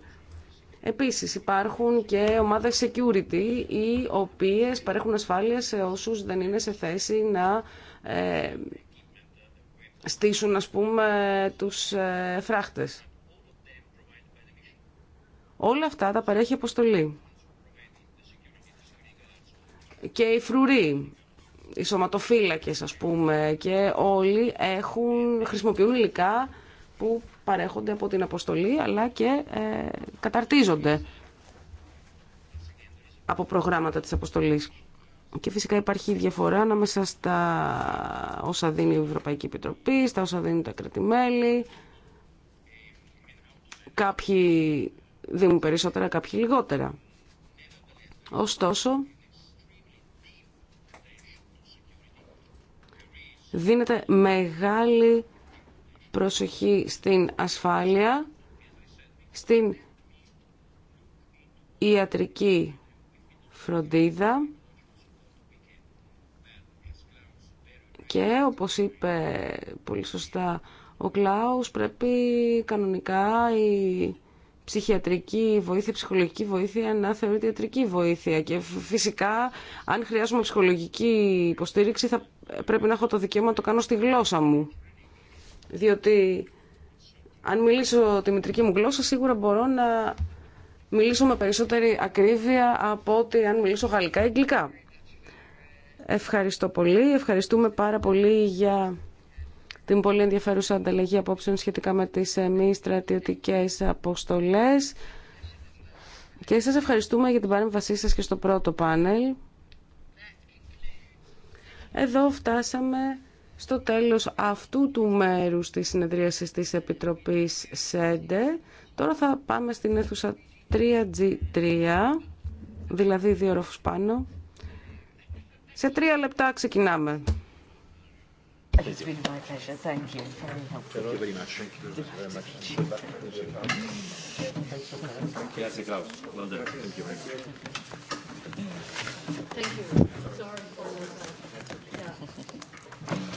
Επίσης υπάρχουν και ομάδες security οι οποίες παρέχουν ασφάλεια σε όσους δεν είναι σε θέση να ε, στήσουν ας πούμε τους ε, φράχτες. Όλα αυτά τα παρέχει αποστολή. Και οι φρουροί, οι σωματοφύλακες ας πούμε και όλοι έχουν, χρησιμοποιούν υλικά που παρέχονται από την αποστολή αλλά και ε, καταρτίζονται από προγράμματα της αποστολής. Και φυσικά υπάρχει διαφορά ανάμεσα στα όσα δίνει η Ευρωπαϊκή Επιτροπή, στα όσα δίνουν τα κρατημέλη. Κάποιοι δίνουν περισσότερα, κάποιοι λιγότερα. Ωστόσο, δίνεται μεγάλη προσοχή στην ασφάλεια, στην ιατρική φροντίδα και όπως είπε πολύ σωστά ο Κλάους πρέπει κανονικά η ψυχιατρική βοήθεια, η ψυχολογική βοήθεια να θεωρείται ιατρική βοήθεια και φυσικά αν χρειάζομαι ψυχολογική υποστήριξη θα πρέπει να έχω το δικαίωμα να το κάνω στη γλώσσα μου. Διότι αν μιλήσω τη μητρική μου γλώσσα σίγουρα μπορώ να μιλήσω με περισσότερη ακρίβεια από ότι αν μιλήσω γαλλικά ή αγγλικά. Ευχαριστώ πολύ. Ευχαριστούμε πάρα πολύ για την πολύ ενδιαφέρουσα ανταλλαγή απόψεων σχετικά με τις ε, μη στρατιωτικέ αποστολές. Και σας ευχαριστούμε για την παρέμβασή σας και στο πρώτο πάνελ. Εδώ φτάσαμε στο τέλος αυτού του μέρους της συνεδρίασης της Επιτροπής ΣΕΝΤΕ. Τώρα θα πάμε στην αίθουσα 3G3, δηλαδή δύο ρόφους πάνω. Σε τρία λεπτά ξεκινάμε. Thank you.